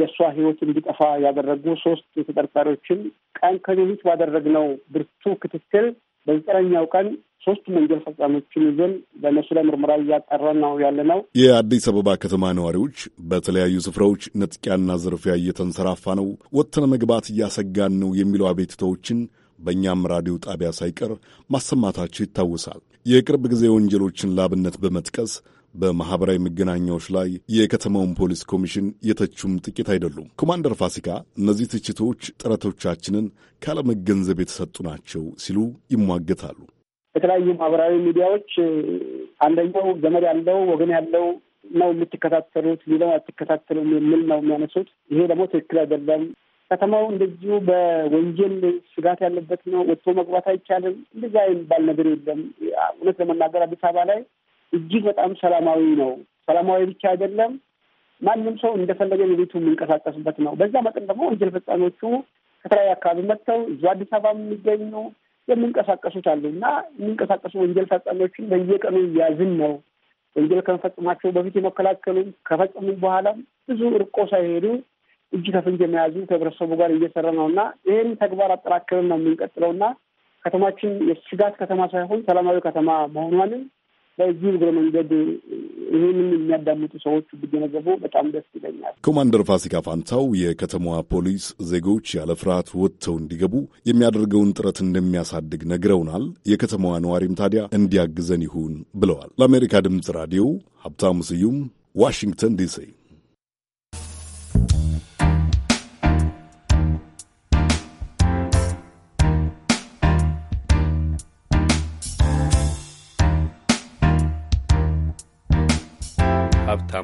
የእሷ ህይወት እንዲጠፋ ያደረጉ ሶስት ተጠርጣሪዎችን ቀን ከሌሊት ባደረግነው ብርቱ ክትትል በዘጠነኛው ቀን ሶስት ወንጀል ፈጻሚዎችን ይዘን በእነሱ ላይ ምርመራ እያጠራን ነው ያለ ነው። የአዲስ አበባ ከተማ ነዋሪዎች በተለያዩ ስፍራዎች ነጥቂያና ዝርፊያ እየተንሰራፋ ነው፣ ወጥተን መግባት እያሰጋን ነው የሚለው አቤትታዎችን በእኛም ራዲዮ ጣቢያ ሳይቀር ማሰማታቸው ይታወሳል። የቅርብ ጊዜ ወንጀሎችን ላብነት በመጥቀስ በማህበራዊ መገናኛዎች ላይ የከተማውን ፖሊስ ኮሚሽን የተቹም ጥቂት አይደሉም። ኮማንደር ፋሲካ እነዚህ ትችቶች ጥረቶቻችንን ካለመገንዘብ የተሰጡ ናቸው ሲሉ ይሟገታሉ። የተለያዩ ማህበራዊ ሚዲያዎች አንደኛው ዘመድ ያለው ወገን ያለው ነው የምትከታተሉት፣ ሌላው አትከታተሉም የሚል ነው የሚያነሱት። ይሄ ደግሞ ትክክል አይደለም። ከተማው እንደዚሁ በወንጀል ስጋት ያለበት ነው። ወጥቶ መግባት አይቻልም። እንደዚያ የሚባል ነገር የለም። እውነት ለመናገር አዲስ አበባ ላይ እጅግ በጣም ሰላማዊ ነው። ሰላማዊ ብቻ አይደለም፣ ማንም ሰው እንደፈለገ የቤቱ የሚንቀሳቀስበት ነው። በዛ መጠን ደግሞ ወንጀል ፈጻሚዎቹ ከተለያዩ አካባቢ መጥተው እዚሁ አዲስ አበባ የሚገኙ የሚንቀሳቀሱት አሉ እና የሚንቀሳቀሱ ወንጀል ፈጻሚዎችን በየቀኑ እያዝን ነው። ወንጀል ከመፈጽማቸው በፊት የመከላከሉ ከፈጸሙ በኋላም ብዙ እርቆ ሳይሄዱ እጅ ከፍንጅ የመያዙ ከህብረተሰቡ ጋር እየሰራ ነው እና ይህን ተግባር አጠራክርን ነው የምንቀጥለው እና ከተማችን የስጋት ከተማ ሳይሆን ሰላማዊ ከተማ መሆኗንም በዚህ እግረ መንገድ ይህንን የሚያዳምጡ ሰዎች ቢገነዘቡ በጣም ደስ ይለኛል። ኮማንደር ፋሲካ ፋንታው የከተማዋ ፖሊስ ዜጎች ያለ ፍርሃት ወጥተው እንዲገቡ የሚያደርገውን ጥረት እንደሚያሳድግ ነግረውናል። የከተማዋ ነዋሪም ታዲያ እንዲያግዘን ይሁን ብለዋል። ለአሜሪካ ድምፅ ራዲዮ ሀብታሙ ስዩም ዋሽንግተን ዲሲ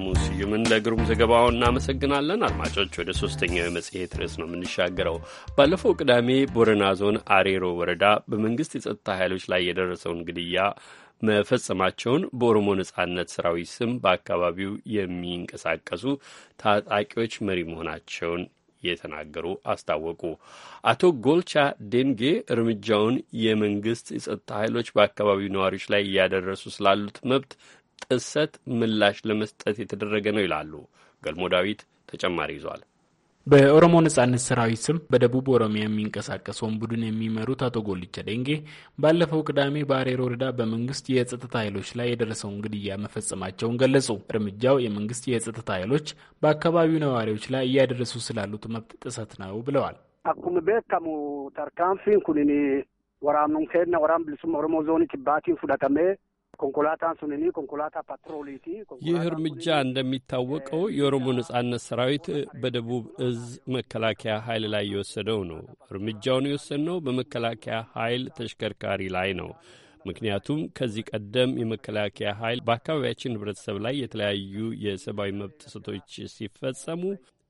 ሀብታሙ ስዩምን ለግሩም ዘገባው እናመሰግናለን። አድማጮች ወደ ሶስተኛው የመጽሔት ርዕስ ነው የምንሻገረው። ባለፈው ቅዳሜ ቦረና ዞን አሬሮ ወረዳ በመንግስት የጸጥታ ኃይሎች ላይ የደረሰውን ግድያ መፈጸማቸውን በኦሮሞ ነጻነት ሰራዊት ስም በአካባቢው የሚንቀሳቀሱ ታጣቂዎች መሪ መሆናቸውን የተናገሩ አስታወቁ። አቶ ጎልቻ ዴንጌ እርምጃውን የመንግስት የጸጥታ ኃይሎች በአካባቢው ነዋሪዎች ላይ እያደረሱ ስላሉት መብት ጥሰት ምላሽ ለመስጠት የተደረገ ነው ይላሉ። ገልሞ ዳዊት ተጨማሪ ይዟል። በኦሮሞ ነጻነት ሰራዊት ስም በደቡብ ኦሮሚያ የሚንቀሳቀሰውን ቡድን የሚመሩት አቶ ጎልቻ ደንጌ ባለፈው ቅዳሜ በአሬሮ ወረዳ በመንግስት የጸጥታ ኃይሎች ላይ የደረሰውን ግድያ መፈጸማቸውን ገለጹ። እርምጃው የመንግስት የጸጥታ ኃይሎች በአካባቢው ነዋሪዎች ላይ እያደረሱ ስላሉት መብት ጥሰት ነው ብለዋል። አኩም ቤከሙ ተርካንፊን ኩኒኒ ወራምኑን ወራም ብልሱም ኦሮሞ ዞኒ ኪባቲን ፉዳተሜ ይህ እርምጃ እንደሚታወቀው የኦሮሞ ነጻነት ሰራዊት በደቡብ እዝ መከላከያ ኃይል ላይ የወሰደው ነው። እርምጃውን የወሰድነው በመከላከያ ኃይል ተሽከርካሪ ላይ ነው። ምክንያቱም ከዚህ ቀደም የመከላከያ ኃይል በአካባቢያችን ህብረተሰብ ላይ የተለያዩ የሰብአዊ መብት ጥሰቶች ሲፈጸሙ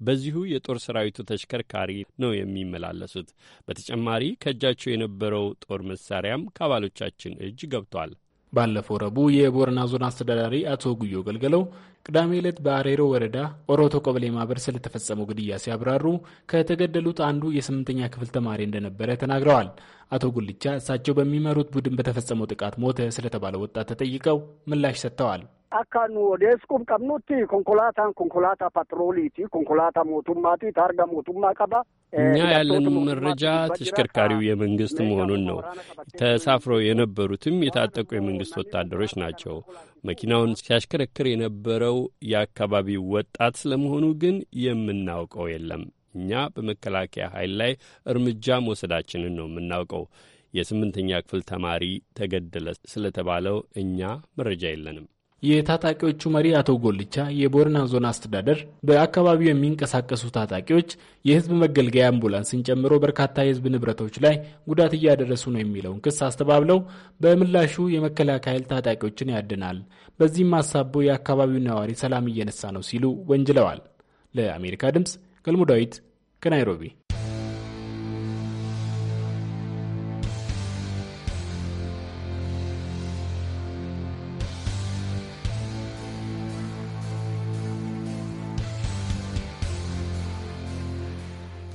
በዚሁ የጦር ሰራዊቱ ተሽከርካሪ ነው የሚመላለሱት። በተጨማሪ ከእጃቸው የነበረው ጦር መሳሪያም ከአባሎቻችን እጅ ገብቷል። ባለፈው ረቡዕ የቦረና ዞን አስተዳዳሪ አቶ ጉዮ ገልገለው ቅዳሜ ዕለት በአሬሮ ወረዳ ኦሮቶ ቀበሌ ማህበር ስለተፈጸመው ግድያ ሲያብራሩ ከተገደሉት አንዱ የስምንተኛ ክፍል ተማሪ እንደነበረ ተናግረዋል። አቶ ጉልቻ እሳቸው በሚመሩት ቡድን በተፈጸመው ጥቃት ሞተ ስለተባለ ወጣት ተጠይቀው ምላሽ ሰጥተዋል። akka nu odeessuuf qabnutti konkolaataan konkolaataa patrooliiti. Konkolaataa mootummaati. Taarga mootummaa qaba. እኛ ያለን መረጃ ተሽከርካሪው የመንግስት መሆኑን ነው። ተሳፍረው የነበሩትም የታጠቁ የመንግስት ወታደሮች ናቸው። መኪናውን ሲያሽከረክር የነበረው የአካባቢው ወጣት ስለመሆኑ ግን የምናውቀው የለም። እኛ በመከላከያ ኃይል ላይ እርምጃ መውሰዳችንን ነው የምናውቀው። የስምንተኛ ክፍል ተማሪ ተገደለ ስለተባለው እኛ መረጃ የለንም። የታጣቂዎቹ መሪ አቶ ጎልቻ የቦረና ዞን አስተዳደር በአካባቢው የሚንቀሳቀሱ ታጣቂዎች የህዝብ መገልገያ አምቡላንስን ጨምሮ በርካታ የህዝብ ንብረቶች ላይ ጉዳት እያደረሱ ነው የሚለውን ክስ አስተባብለው በምላሹ የመከላከያ ኃይል ታጣቂዎችን ያድናል፣ በዚህም አሳቦ የአካባቢው ነዋሪ ሰላም እየነሳ ነው ሲሉ ወንጅለዋል። ለአሜሪካ ድምፅ ገልሙ ዳዊት ከናይሮቢ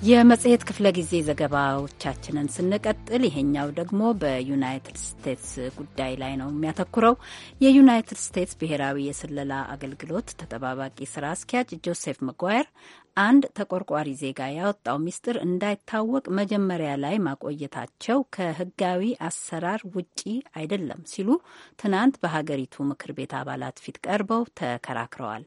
የመጽሔት ክፍለ ጊዜ ዘገባዎቻችንን ስንቀጥል ይሄኛው ደግሞ በዩናይትድ ስቴትስ ጉዳይ ላይ ነው የሚያተኩረው። የዩናይትድ ስቴትስ ብሔራዊ የስለላ አገልግሎት ተጠባባቂ ስራ አስኪያጅ ጆሴፍ መጓየር አንድ ተቆርቋሪ ዜጋ ያወጣው ሚስጥር እንዳይታወቅ መጀመሪያ ላይ ማቆየታቸው ከሕጋዊ አሰራር ውጪ አይደለም ሲሉ ትናንት በሀገሪቱ ምክር ቤት አባላት ፊት ቀርበው ተከራክረዋል።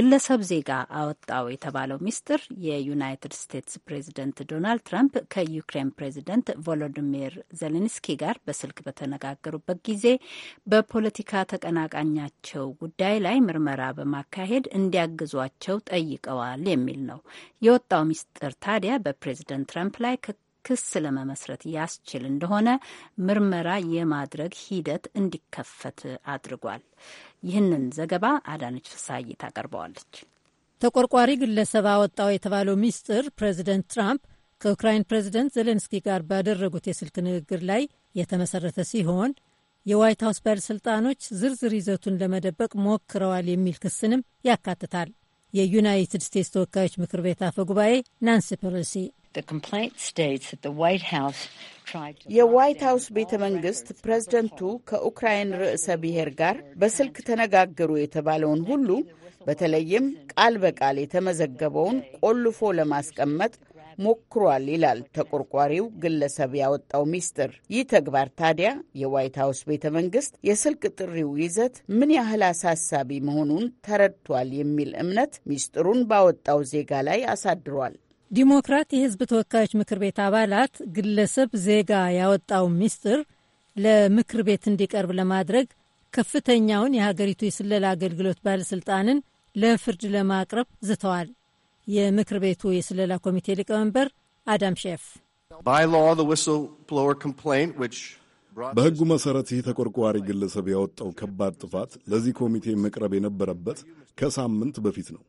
ግለሰብ ዜጋ አወጣው የተባለው ሚስጥር የዩናይትድ ስቴትስ ፕሬዚደንት ዶናልድ ትራምፕ ከዩክሬን ፕሬዚደንት ቮሎዲሚር ዘሌንስኪ ጋር በስልክ በተነጋገሩበት ጊዜ በፖለቲካ ተቀናቃኛቸው ጉዳይ ላይ ምርመራ በማካሄድ እንዲያግዟቸው ጠይቀዋል የሚል ነው። የወጣው ሚስጥር ታዲያ በፕሬዝደንት ትራምፕ ላይ ክስ ለመመስረት ያስችል እንደሆነ ምርመራ የማድረግ ሂደት እንዲከፈት አድርጓል። ይህንን ዘገባ አዳነች ፍሳይ ታቀርበዋለች። ተቆርቋሪ ግለሰብ አወጣው የተባለው ሚስጥር ፕሬዚደንት ትራምፕ ከዩክራይን ፕሬዚደንት ዜሌንስኪ ጋር ባደረጉት የስልክ ንግግር ላይ የተመሰረተ ሲሆን የዋይት ሀውስ ባለሥልጣኖች ዝርዝር ይዘቱን ለመደበቅ ሞክረዋል የሚል ክስንም ያካትታል። የዩናይትድ ስቴትስ ተወካዮች ምክር ቤት አፈ ጉባኤ ናንሲ ፐሎሲ የዋይት ሀውስ ቤተ መንግስት ፕሬዝደንቱ ከኡክራይን ርዕሰ ብሔር ጋር በስልክ ተነጋገሩ የተባለውን ሁሉ በተለይም ቃል በቃል የተመዘገበውን ቆልፎ ለማስቀመጥ ሞክሯል ይላል ተቆርቋሪው ግለሰብ ያወጣው ሚስጥር። ይህ ተግባር ታዲያ የዋይት ሀውስ ቤተ መንግስት የስልክ ጥሪው ይዘት ምን ያህል አሳሳቢ መሆኑን ተረድቷል የሚል እምነት ሚስጥሩን ባወጣው ዜጋ ላይ አሳድሯል። ዲሞክራት የህዝብ ተወካዮች ምክር ቤት አባላት ግለሰብ ዜጋ ያወጣው ሚስጥር ለምክር ቤት እንዲቀርብ ለማድረግ ከፍተኛውን የሀገሪቱ የስለላ አገልግሎት ባለስልጣንን ለፍርድ ለማቅረብ ዝተዋል። የምክር ቤቱ የስለላ ኮሚቴ ሊቀመንበር አዳም ሼፍ በሕጉ መሠረት ይህ ተቆርቋሪ ግለሰብ ያወጣው ከባድ ጥፋት ለዚህ ኮሚቴ መቅረብ የነበረበት ከሳምንት በፊት ነው።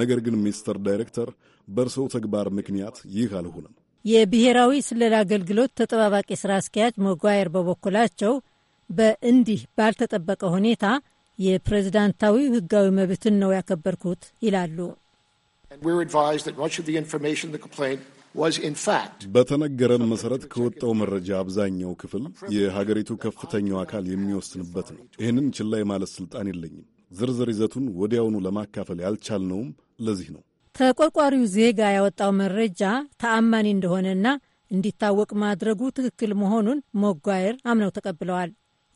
ነገር ግን ሚስተር ዳይሬክተር በእርሰው ተግባር ምክንያት ይህ አልሆነም። የብሔራዊ ስለላ አገልግሎት ተጠባባቂ ሥራ አስኪያጅ መጓየር በበኩላቸው በእንዲህ ባልተጠበቀ ሁኔታ የፕሬዝዳንታዊ ሕጋዊ መብትን ነው ያከበርኩት ይላሉ። በተነገረን መሰረት ከወጣው መረጃ አብዛኛው ክፍል የሀገሪቱ ከፍተኛው አካል የሚወስንበት ነው። ይህንን ችላ የማለት ስልጣን የለኝም። ዝርዝር ይዘቱን ወዲያውኑ ለማካፈል ያልቻልነውም ለዚህ ነው። ተቆርቋሪው ዜጋ ያወጣው መረጃ ተአማኒ እንደሆነና እንዲታወቅ ማድረጉ ትክክል መሆኑን ሞጓየር አምነው ተቀብለዋል።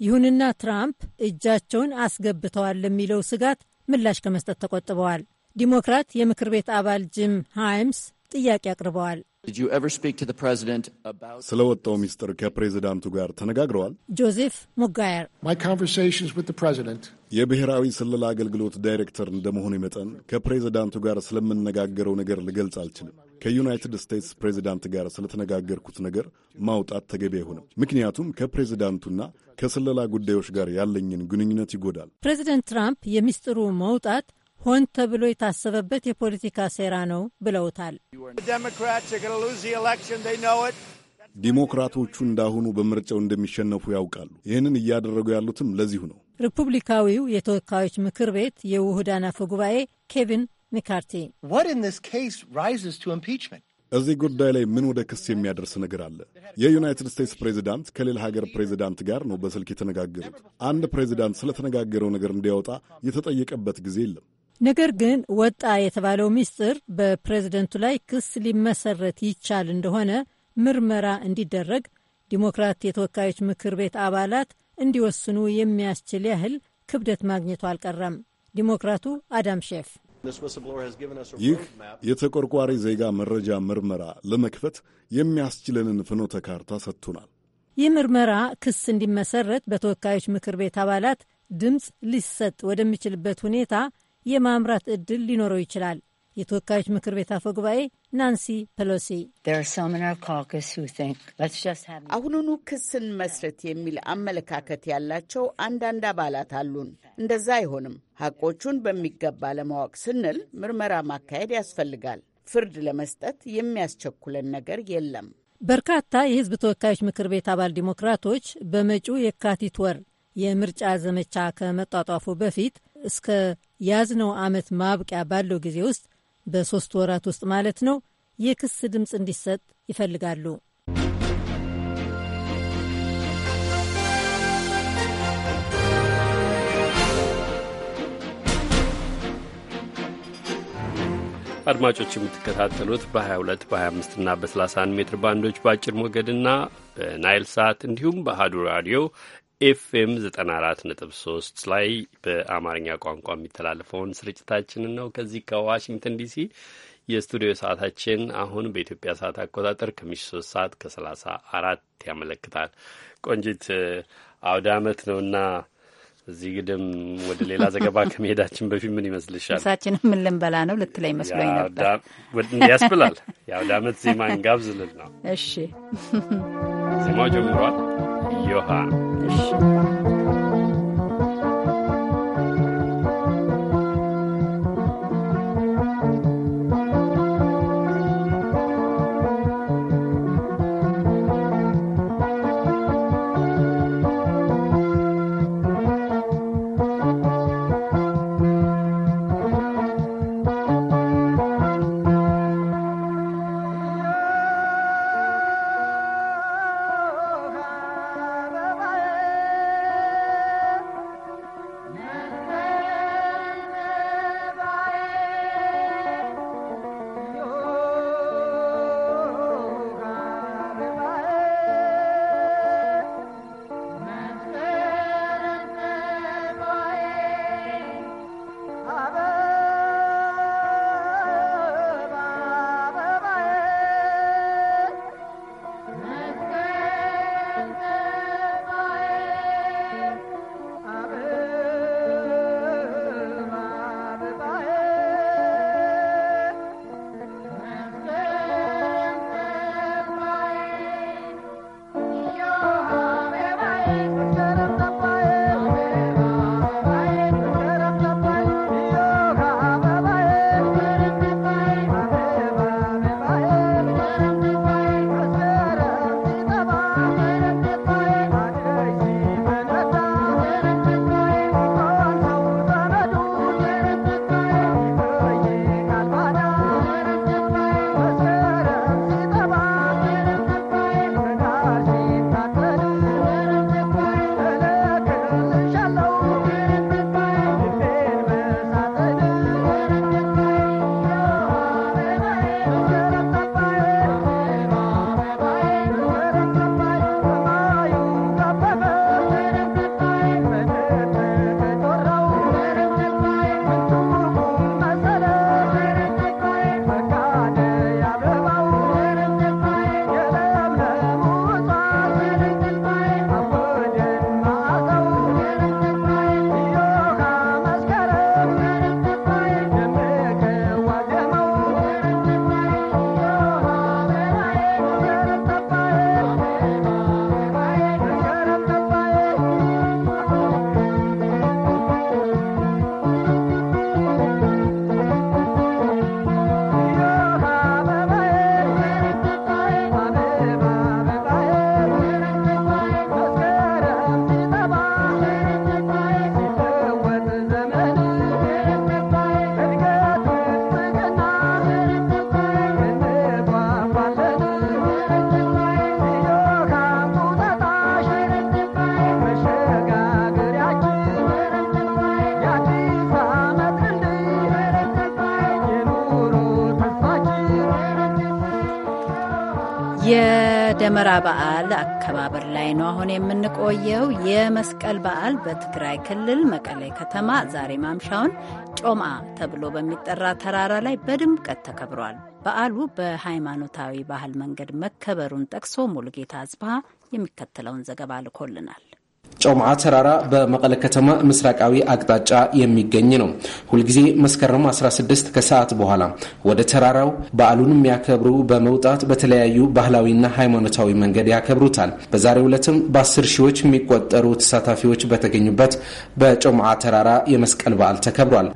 ይሁንና ትራምፕ እጃቸውን አስገብተዋል ለሚለው ስጋት ምላሽ ከመስጠት ተቆጥበዋል። ዲሞክራት የምክር ቤት አባል ጂም ሃይምስ ጥያቄ አቅርበዋል። ስለ ወጣው ሚስጥር ከፕሬዚዳንቱ ጋር ተነጋግረዋል? ጆዜፍ ሙጋየር የብሔራዊ ስለላ አገልግሎት ዳይሬክተር እንደመሆኑ መጠን ከፕሬዚዳንቱ ጋር ስለምነጋገረው ነገር ልገልጽ አልችልም። ከዩናይትድ ስቴትስ ፕሬዚዳንት ጋር ስለተነጋገርኩት ነገር ማውጣት ተገቢ አይሆንም፣ ምክንያቱም ከፕሬዚዳንቱና ከስለላ ጉዳዮች ጋር ያለኝን ግንኙነት ይጎዳል። ፕሬዚደንት ትራምፕ የሚስጥሩ መውጣት ሆን ተብሎ የታሰበበት የፖለቲካ ሴራ ነው ብለውታል። ዲሞክራቶቹ እንዳሁኑ በምርጫው እንደሚሸነፉ ያውቃሉ። ይህንን እያደረጉ ያሉትም ለዚሁ ነው። ሪፑብሊካዊው የተወካዮች ምክር ቤት የውህዳን አፈ ጉባኤ ኬቪን ሚካርቲ እዚህ ጉዳይ ላይ ምን ወደ ክስ የሚያደርስ ነገር አለ? የዩናይትድ ስቴትስ ፕሬዚዳንት ከሌላ ሀገር ፕሬዚዳንት ጋር ነው በስልክ የተነጋገሩት። አንድ ፕሬዚዳንት ስለተነጋገረው ነገር እንዲያወጣ የተጠየቀበት ጊዜ የለም። ነገር ግን ወጣ የተባለው ምስጢር በፕሬዝደንቱ ላይ ክስ ሊመሰረት ይቻል እንደሆነ ምርመራ እንዲደረግ ዲሞክራት የተወካዮች ምክር ቤት አባላት እንዲወስኑ የሚያስችል ያህል ክብደት ማግኘቱ አልቀረም። ዲሞክራቱ አዳም ሼፍ ይህ የተቆርቋሪ ዜጋ መረጃ ምርመራ ለመክፈት የሚያስችለንን ፍኖተ ካርታ ሰጥቶናል። ይህ ምርመራ ክስ እንዲመሰረት በተወካዮች ምክር ቤት አባላት ድምፅ ሊሰጥ ወደሚችልበት ሁኔታ የማምራት እድል ሊኖረው ይችላል። የተወካዮች ምክር ቤት አፈ ጉባኤ ናንሲ ፔሎሲ አሁኑኑ ክስን መስረት የሚል አመለካከት ያላቸው አንዳንድ አባላት አሉን። እንደዛ አይሆንም። ሐቆቹን በሚገባ ለማወቅ ስንል ምርመራ ማካሄድ ያስፈልጋል። ፍርድ ለመስጠት የሚያስቸኩለን ነገር የለም። በርካታ የሕዝብ ተወካዮች ምክር ቤት አባል ዲሞክራቶች በመጪው የካቲት ወር የምርጫ ዘመቻ ከመጧጧፉ በፊት እስከ ያዝነው ዓመት ማብቂያ ባለው ጊዜ ውስጥ በሦስት ወራት ውስጥ ማለት ነው የክስ ድምፅ እንዲሰጥ ይፈልጋሉ። አድማጮች የምትከታተሉት በ22 በ25 እና በ31 ሜትር ባንዶች በአጭር ሞገድና በናይል ሳት እንዲሁም በአሀዱ ራዲዮ ኤፍኤም 94.3 ላይ በአማርኛ ቋንቋ የሚተላለፈውን ስርጭታችንን ነው ከዚህ ከዋሽንግተን ዲሲ የስቱዲዮ ሰዓታችን አሁን በኢትዮጵያ ሰዓት አቆጣጠር ከምሽቱ 3 ሰዓት ከሰላሳ አራት ያመለክታል። ቆንጂት አውደ አመት ነውና እዚህ ግድም ወደ ሌላ ዘገባ ከመሄዳችን በፊት ምን ይመስልሻል? እሳችን ምን ልንበላ ነው ልትለኝ መስሎኝ ነበር። ያስብላል። የአውደ አመት ዜማ እንጋብዝልን ነው። እሺ ዜማው ጀምሯል። 哟哈。የደመራ በዓል አከባበር ላይ ነው አሁን የምንቆየው። የመስቀል በዓል በትግራይ ክልል መቀሌ ከተማ ዛሬ ማምሻውን ጮማ ተብሎ በሚጠራ ተራራ ላይ በድምቀት ተከብሯል። በዓሉ በሃይማኖታዊ ባህል መንገድ መከበሩን ጠቅሶ ሙሉጌታ አጽብሃ የሚከተለውን ዘገባ ልኮልናል። ጮምዓ ተራራ በመቀለ ከተማ ምስራቃዊ አቅጣጫ የሚገኝ ነው። ሁልጊዜ መስከረም 16 ከሰዓት በኋላ ወደ ተራራው በዓሉን የሚያከብሩ በመውጣት በተለያዩ ባህላዊና ሃይማኖታዊ መንገድ ያከብሩታል። በዛሬው ዕለትም በአስር ሺዎች የሚቆጠሩ ተሳታፊዎች በተገኙበት በጮምዓ ተራራ የመስቀል በዓል ተከብሯል።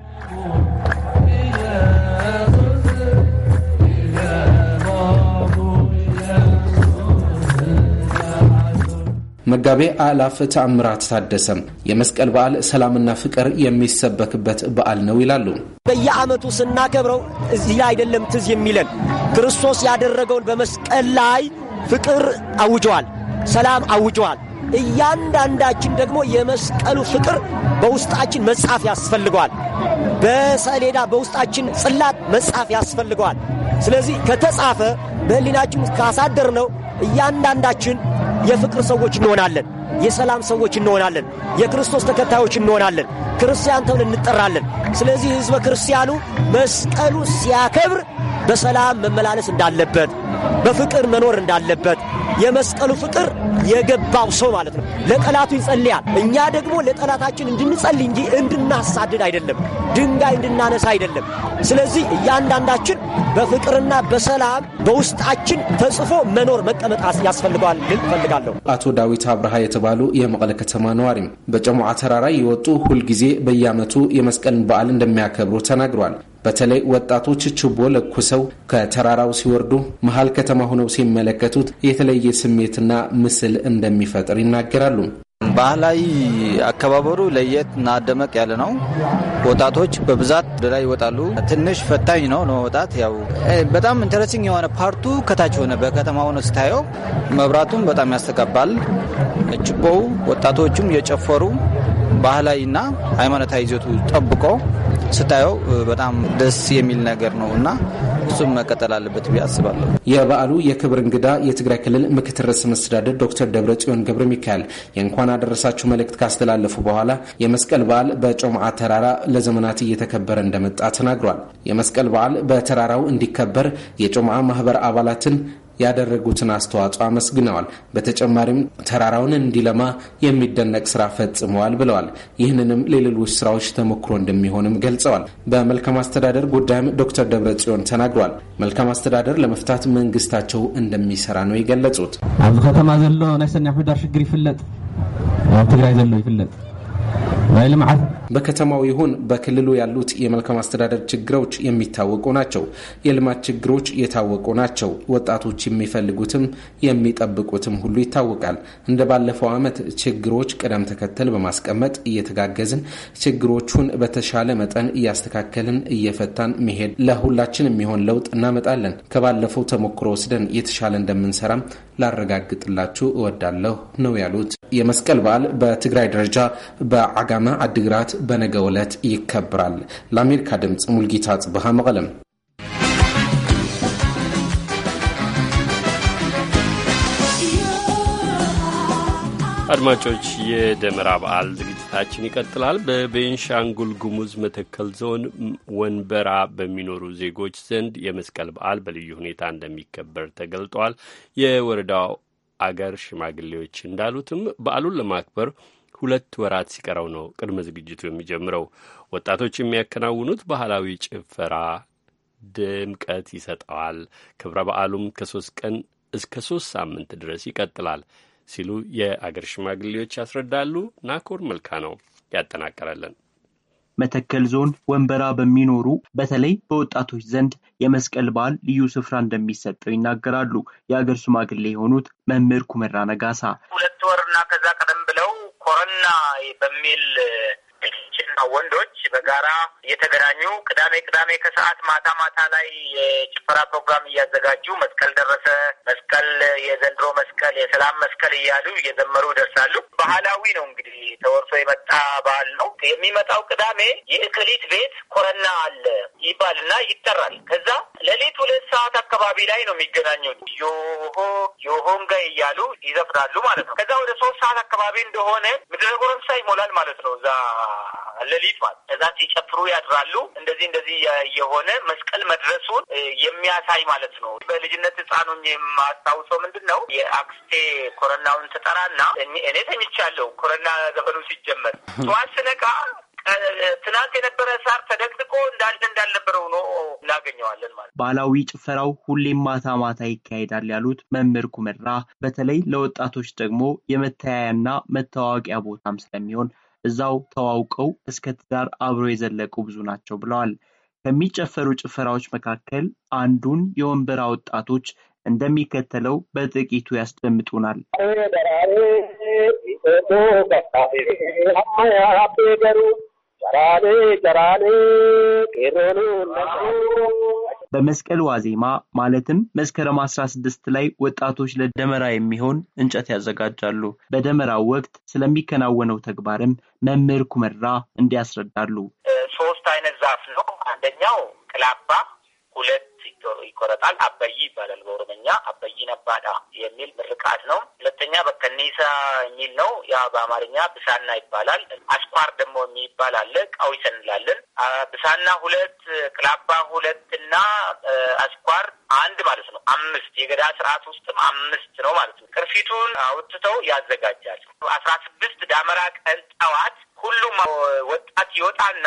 መጋቤ አላፍ ተአምራት ታደሰም የመስቀል በዓል ሰላምና ፍቅር የሚሰበክበት በዓል ነው ይላሉ። በየዓመቱ ስናከብረው እዚህ ላይ አይደለም ትዝ የሚለን ክርስቶስ ያደረገውን በመስቀል ላይ ፍቅር አውጀዋል፣ ሰላም አውጀዋል። እያንዳንዳችን ደግሞ የመስቀሉ ፍቅር በውስጣችን መጻፍ ያስፈልገዋል። በሰሌዳ በውስጣችን ጽላት መጻፍ ያስፈልገዋል። ስለዚህ ከተጻፈ በህሊናችን ካሳደር ነው እያንዳንዳችን የፍቅር ሰዎች እንሆናለን። የሰላም ሰዎች እንሆናለን። የክርስቶስ ተከታዮች እንሆናለን። ክርስቲያን ተብለን እንጠራለን። ስለዚህ ሕዝበ ክርስቲያኑ መስቀሉ ሲያከብር በሰላም መመላለስ እንዳለበት፣ በፍቅር መኖር እንዳለበት የመስቀሉ ፍቅር የገባው ሰው ማለት ነው። ለጠላቱ ይጸልያል። እኛ ደግሞ ለጠላታችን እንድንጸልይ እንጂ እንድናሳድድ አይደለም፣ ድንጋይ እንድናነሳ አይደለም። ስለዚህ እያንዳንዳችን በፍቅርና በሰላም በውስጣችን ተጽፎ መኖር መቀመጥ ያስፈልገዋል ልል እፈልጋለሁ። አቶ ዳዊት አብርሃ የተባሉ የመቀለ ከተማ ነዋሪም በጨሙዓ ተራራ የወጡ ሁልጊዜ በየዓመቱ የመስቀልን በዓል እንደሚያከብሩ ተናግሯል። በተለይ ወጣቶች ችቦ ለኩሰው ከተራራው ሲወርዱ መሀል ከተማ ሆነው ሲመለከቱት የተለየ ስሜትና ምስል እንደሚፈጥር ይናገራሉ። ባህላዊ አከባበሩ ለየት እና ደመቅ ያለ ነው። ወጣቶች በብዛት ወደ ላይ ይወጣሉ። ትንሽ ፈታኝ ነው ለመውጣት ያው በጣም ኢንተረስቲንግ የሆነ ፓርቱ ከታች ሆነ በከተማ ሆነ ስታየው መብራቱም በጣም ያስተቀባል። ችቦው ወጣቶቹም የጨፈሩ ባህላዊና ሃይማኖታዊ ይዘቱ ጠብቆ ስታየው በጣም ደስ የሚል ነገር ነው እና እሱም መቀጠል አለበት ብዬ አስባለሁ። የበዓሉ የክብር እንግዳ የትግራይ ክልል ምክትል ርዕሰ መስተዳደር ዶክተር ደብረ ጽዮን ገብረ ሚካኤል የእንኳን አደረሳችሁ መልእክት ካስተላለፉ በኋላ የመስቀል በዓል በጮምዓ ተራራ ለዘመናት እየተከበረ እንደመጣ ተናግሯል። የመስቀል በዓል በተራራው እንዲከበር የጮምዓ ማህበር አባላትን ያደረጉትን አስተዋጽኦ አመስግነዋል። በተጨማሪም ተራራውን እንዲለማ የሚደነቅ ስራ ፈጽመዋል ብለዋል። ይህንንም ለሌሎች ስራዎች ተሞክሮ እንደሚሆንም ገልጸዋል። በመልካም አስተዳደር ጉዳይም ዶክተር ደብረ ጽዮን ተናግሯል። መልካም አስተዳደር ለመፍታት መንግስታቸው እንደሚሰራ ነው የገለጹት። ኣብ ከተማ ዘሎ ናይ ሰኒ ሕዳር ሽግር ይፍለጥ ኣብ ትግራይ ዘሎ ይፍለጥ በከተማው ይሁን በክልሉ ያሉት የመልካም አስተዳደር ችግሮች የሚታወቁ ናቸው። የልማት ችግሮች የታወቁ ናቸው። ወጣቶች የሚፈልጉትም የሚጠብቁትም ሁሉ ይታወቃል። እንደ ባለፈው ዓመት ችግሮች ቅደም ተከተል በማስቀመጥ እየተጋገዝን ችግሮቹን በተሻለ መጠን እያስተካከልን እየፈታን መሄድ ለሁላችን የሚሆን ለውጥ እናመጣለን። ከባለፈው ተሞክሮ ወስደን የተሻለ እንደምንሰራም ላረጋግጥላችሁ እወዳለሁ ነው ያሉት። የመስቀል በዓል በትግራይ ደረጃ በዓጋመ አድግራት በነገ ዕለት ይከብራል። ለአሜሪካ ድምፅ ሙልጌታ ጽብሃ መቀለም አድማጮች የደመራ በዓል ዝግጅታችን ይቀጥላል። በቤንሻንጉል ጉሙዝ መተከል ዞን ወንበራ በሚኖሩ ዜጎች ዘንድ የመስቀል በዓል በልዩ ሁኔታ እንደሚከበር ተገልጧል። የወረዳው አገር ሽማግሌዎች እንዳሉትም በዓሉን ለማክበር ሁለት ወራት ሲቀረው ነው ቅድመ ዝግጅቱ የሚጀምረው። ወጣቶች የሚያከናውኑት ባህላዊ ጭፈራ ድምቀት ይሰጠዋል። ክብረ በዓሉም ከሶስት ቀን እስከ ሶስት ሳምንት ድረስ ይቀጥላል። ሲሉ የአገር ሽማግሌዎች ያስረዳሉ። ናኮር መልካ ነው ያጠናቀራለን። መተከል ዞን ወንበራ በሚኖሩ በተለይ በወጣቶች ዘንድ የመስቀል በዓል ልዩ ስፍራ እንደሚሰጠው ይናገራሉ። የአገር ሽማግሌ የሆኑት መምህር ኩመራ ነጋሳ ሁለት ወርና ከዛ ቀደም ብለው ኮረና በሚል ወንዶች በጋራ እየተገናኙ ቅዳሜ ቅዳሜ ከሰዓት ማታ ማታ ላይ የጭፈራ ፕሮግራም እያዘጋጁ መስቀል ደረሰ፣ መስቀል፣ የዘንድሮ መስቀል፣ የሰላም መስቀል እያሉ እየዘመሩ ይደርሳሉ። ባህላዊ ነው እንግዲህ ተወርሶ የመጣ ባህል ነው። የሚመጣው ቅዳሜ የእክሊት ቤት ኮረና አለ ይባልና ይጠራል። ከዛ ሌሊት ሁለት ሰዓት አካባቢ ላይ ነው የሚገናኙት። ዮሆ ዮሆንጋ እያሉ ይዘፍናሉ ማለት ነው። ከዛ ወደ ሶስት ሰዓት አካባቢ እንደሆነ ምድረ ጎረምሳ ይሞላል ማለት ነው። እዛ ሌሊት ማለት ከዛ ሲጨፍሩ ያድራሉ። እንደዚህ እንደዚህ የሆነ መስቀል መድረሱን የሚያሳይ ማለት ነው። በልጅነት ህፃኑ የማስታውሰው ምንድን ነው የአክስቴ ኮረናውን ትጠራና እኔ ተኝቻለሁ። ኮረና ዘፈኑ ሲጀመር ጠዋት ስነቃ ትናንት የነበረ ሳር ተደቅድቆ እንዳለ እንዳልነበረ ሆኖ እናገኘዋለን ማለት ባህላዊ ጭፈራው ሁሌም ማታ ማታ ይካሄዳል ያሉት መምህር ኩመራ፣ በተለይ ለወጣቶች ደግሞ የመተያያና መታወቂያ ቦታም ስለሚሆን እዛው ተዋውቀው እስከ ትዳር አብረው የዘለቁ ብዙ ናቸው ብለዋል። ከሚጨፈሩ ጭፈራዎች መካከል አንዱን የወንበራ ወጣቶች እንደሚከተለው በጥቂቱ ያስደምጡናል። በመስቀል ዋዜማ ማለትም መስከረም 16 ላይ ወጣቶች ለደመራ የሚሆን እንጨት ያዘጋጃሉ። በደመራው ወቅት ስለሚከናወነው ተግባርም መምህር ኩመራ እንዲያስረዳሉ። ሶስት አይነት ዛፍ ነው። አንደኛው ቅላባ፣ ሁለት ይቆረጣል። አበይ ይባላል በኦሮምኛ አበይ ነባዳ የሚል ምርቃት ነው። ሁለተኛ በከኒሳ የሚል ነው። ያ በአማርኛ ብሳና ይባላል። አስኳር ደግሞ የሚባል አለ። ቃዊስ እንላለን። ብሳና ሁለት፣ ክላባ ሁለት እና አስኳር አንድ ማለት ነው። አምስት የገዳ ስርዓት ውስጥም አምስት ነው ማለት ነው። ቅርፊቱን አውጥተው ያዘጋጃል። አስራ ስድስት ዳመራ ቀን ጠዋት ሁሉም ወጣት ይወጣና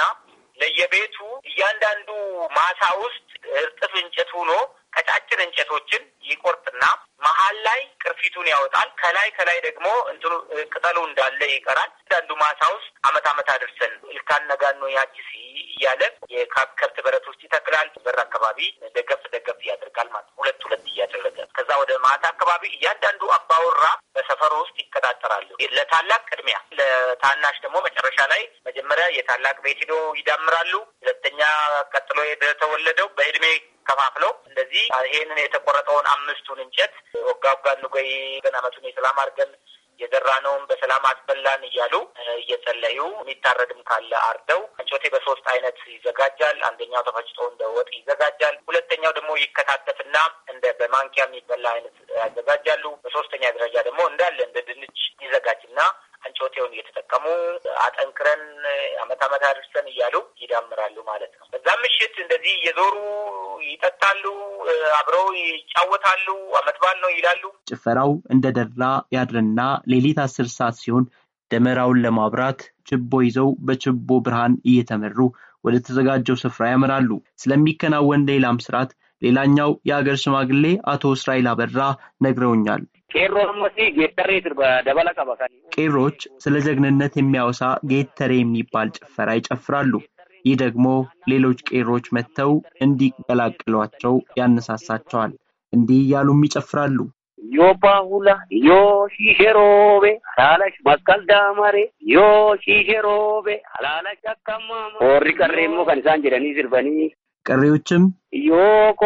ለየቤቱ እያንዳንዱ ማሳ ውስጥ እርጥፍ እንጨት ሆኖ ቀጫጭን እንጨቶችን ይቆርጥና መሀል ላይ ቅርፊቱን ያወጣል። ከላይ ከላይ ደግሞ እንትኑ ቅጠሉ እንዳለ ይቀራል። አንዳንዱ ማሳ ውስጥ አመት አመት አድርሰን ልካን ነጋኖ ያቺስ እያለ የከብት በረት ውስጥ ይተክላል። በር አካባቢ ደገፍ ደገፍ እያደርጋል ማለት ሁለት ሁለት እያደረገ ከዛ ወደ ማታ አካባቢ እያንዳንዱ አባወራ በሰፈሩ ውስጥ ይቀጣጠራሉ። ለታላቅ ቅድሚያ፣ ለታናሽ ደግሞ መጨረሻ ላይ መጀመሪያ የታላቅ ቤት ሄዶ ይዳምራሉ። ሁለተኛ ቀጥሎ የተወለደው በእድሜ ከፋፍለው እንደዚህ ይሄንን የተቆረጠውን አምስቱን እንጨት ወጋ ወጋን ንጎይ አመቱን የሰላም አድርገን የዘራ ነውም በሰላም አስበላን እያሉ እየጸለዩ የሚታረድም ካለ አርደው አንጮቴ በሶስት አይነት ይዘጋጃል። አንደኛው ተፈጭቶ እንደ ወጥ ይዘጋጃል። ሁለተኛው ደግሞ ይከታተፍና እንደ በማንኪያ የሚበላ አይነት ያዘጋጃሉ። በሶስተኛ ደረጃ ደግሞ እንዳለ እንደ ድንች ይዘጋጅና አንጮቴውን እየተጠቀሙ አጠንክረን አመት አመት አድርሰን እያሉ ይዳምራሉ ማለት ነው። በዛ ምሽት እንደዚህ እየዞሩ ይጠጣሉ፣ አብረው ይጫወታሉ፣ አመት በዓል ነው ይላሉ። ጭፈራው እንደ ደራ ያድርና ሌሊት አስር ሰዓት ሲሆን ደመራውን ለማብራት ችቦ ይዘው በችቦ ብርሃን እየተመሩ ወደ ተዘጋጀው ስፍራ ያመራሉ። ስለሚከናወን ሌላም ስርዓት ሌላኛው የሀገር ሽማግሌ አቶ እስራኤል አበራ ነግረውኛል። ቄሮች ስለ ጀግንነት የሚያወሳ ጌተሬ የሚባል ጭፈራ ይጨፍራሉ። ይህ ደግሞ ሌሎች ቄሮች መጥተው እንዲቀላቅሏቸው ያነሳሳቸዋል። እንዲህ እያሉም ይጨፍራሉ። ዮ ባሁላ ዮ አላላሽ በቀል ዮ አላላሽ አካማማ ሆሪ ቀሬሞ ጀደኒ ቀሪዎችም ዮቆ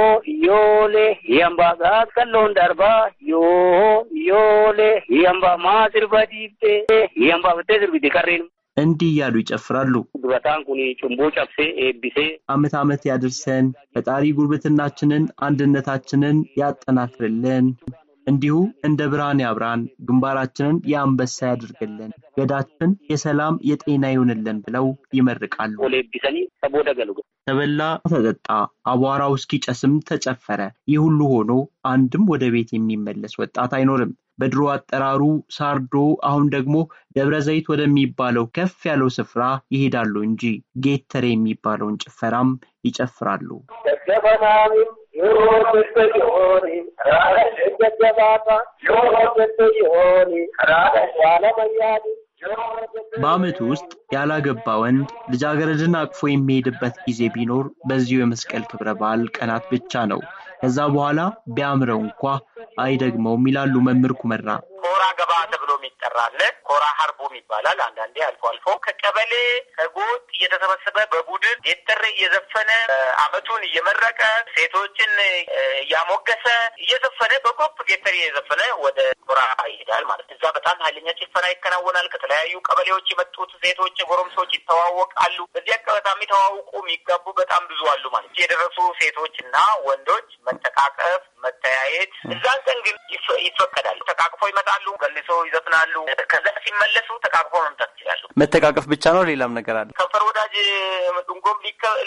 ዮሌ የምባ ጋት ከለውን ዳርባ ዮ ዮሌ የምባ ማስርባዲቴ የምባ ብቴ ስርቢቴ ቀሬን እንዲህ እያሉ ይጨፍራሉ። ጉርበታን ኩኒ ጭንቦ ጨፍሴ ኤቢሴ አመት አመት ያድርሰን። ፈጣሪ ጉርብትናችንን፣ አንድነታችንን ያጠናክርልን። እንዲሁ እንደ ብርሃን ያብራን፣ ግንባራችንን የአንበሳ ያድርግልን፣ ገዳችን የሰላም የጤና ይሁንልን ብለው ይመርቃሉ። ተበላ፣ ተጠጣ፣ አቧራው እስኪጨስም ተጨፈረ። ይህ ሁሉ ሆኖ አንድም ወደ ቤት የሚመለስ ወጣት አይኖርም። በድሮ አጠራሩ ሳርዶ አሁን ደግሞ ደብረ ዘይት ወደሚባለው ከፍ ያለው ስፍራ ይሄዳሉ እንጂ ጌተር የሚባለውን ጭፈራም ይጨፍራሉ። በዓመቱ ውስጥ ያላገባ ወንድ ልጃገረድን አቅፎ የሚሄድበት ጊዜ ቢኖር በዚሁ የመስቀል ክብረ በዓል ቀናት ብቻ ነው። ከዛ በኋላ ቢያምረው እንኳ አይደግመውም ይላሉ መምህር ኩመራ። ኮራ ገባ ተብሎ የሚጠራለ ኮራ ሀርቦም ይባላል። አንዳንዴ አልፎ አልፎ ከቀበሌ ከጎጥ እየተሰበሰበ በቡድን ጌጠር እየዘፈነ አመቱን እየመረቀ ሴቶችን እያሞገሰ እየዘፈነ በጎፕ ጌጠር እየዘፈነ ወደ ኮራ ይሄዳል ማለት ነው። እዛ በጣም ኃይለኛ ጭፈራ ይከናወናል። ከተለያዩ ቀበሌዎች የመጡት ሴቶች ጎረምሶች ይተዋወቃሉ። በዚህ አቀበጣሚ ተዋውቁ የሚጋቡ በጣም ብዙ አሉ ማለት የደረሱ ሴቶች እና ወንዶች መጠቃቀፍ፣ መተያየት እዛን ቀን ግን ይፈቀዳሉ። ተቃቅፎ ይመጣሉ። ገልሶ ይዘፍናሉ። ከዛ ሲመለሱ ተቃቅፎ መምጣት ይችላሉ። መተቃቀፍ ብቻ ነው፣ ሌላም ነገር አለ። ከንፈር ወዳጅ ድንጎም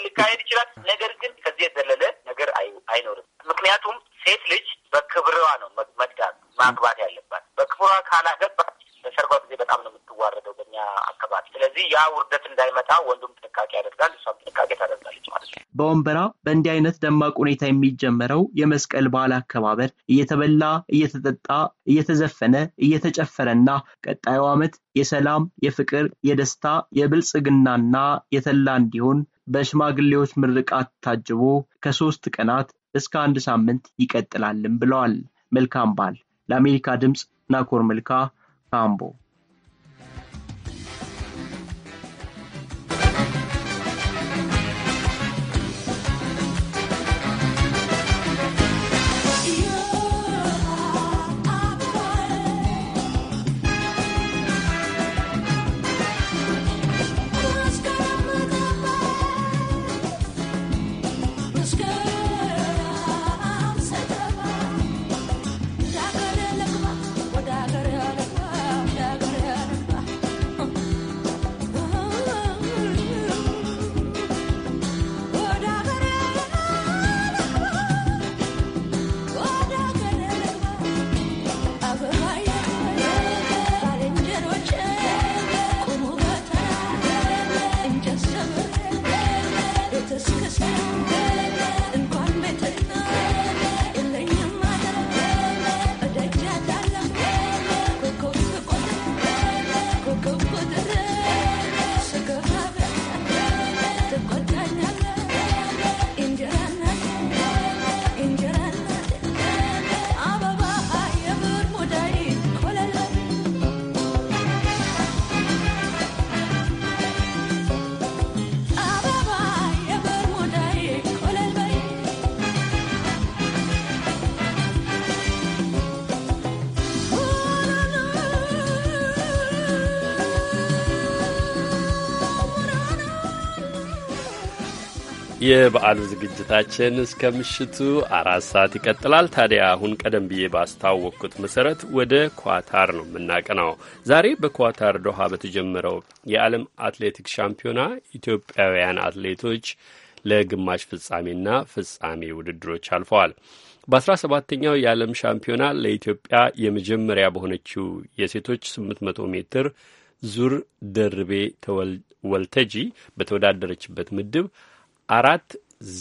ሊካሄድ ይችላል። ነገር ግን ከዚህ የዘለለ ነገር አይኖርም። ምክንያቱም ሴት ልጅ በክብሯ ነው መግዳት ማግባት ያለባት። በክብሯ ካላገባች በሰርጓ ጊዜ በጣም ነው የምትዋረደው በኛ አካባቢ። ስለዚህ ያ ውርደት እንዳይመጣ ወንዱም ጥንቃቄ ያደርጋል፣ እሷም ጥንቃቄ ታደርጋለች ማለት ነው። በወንበራ በእንዲህ አይነት ደማቅ ሁኔታ የሚጀመረው የመስቀል በዓል አከባበር እየተበላ እየተጠጣ እየተዘፈነ እየተጨፈረና ቀጣዩ ዓመት የሰላም የፍቅር የደስታ የብልጽግናና የተላ እንዲሆን በሽማግሌዎች ምርቃት ታጅቦ ከሶስት ቀናት እስከ አንድ ሳምንት ይቀጥላልም ብለዋል። መልካም በዓል። ለአሜሪካ ድምፅ ናኮር መልካ humble የበዓሉ ዝግጅታችን እስከ ምሽቱ አራት ሰዓት ይቀጥላል። ታዲያ አሁን ቀደም ብዬ ባስታወቅኩት መሰረት ወደ ኳታር ነው የምናቀናው። ዛሬ በኳታር ዶሃ በተጀመረው የዓለም አትሌቲክስ ሻምፒዮና ኢትዮጵያውያን አትሌቶች ለግማሽ ፍጻሜና ፍጻሜ ውድድሮች አልፈዋል። በአስራ ሰባተኛው የዓለም ሻምፒዮና ለኢትዮጵያ የመጀመሪያ በሆነችው የሴቶች 800 ሜትር ዙር ደርቤ ወልተጂ በተወዳደረችበት ምድብ አራት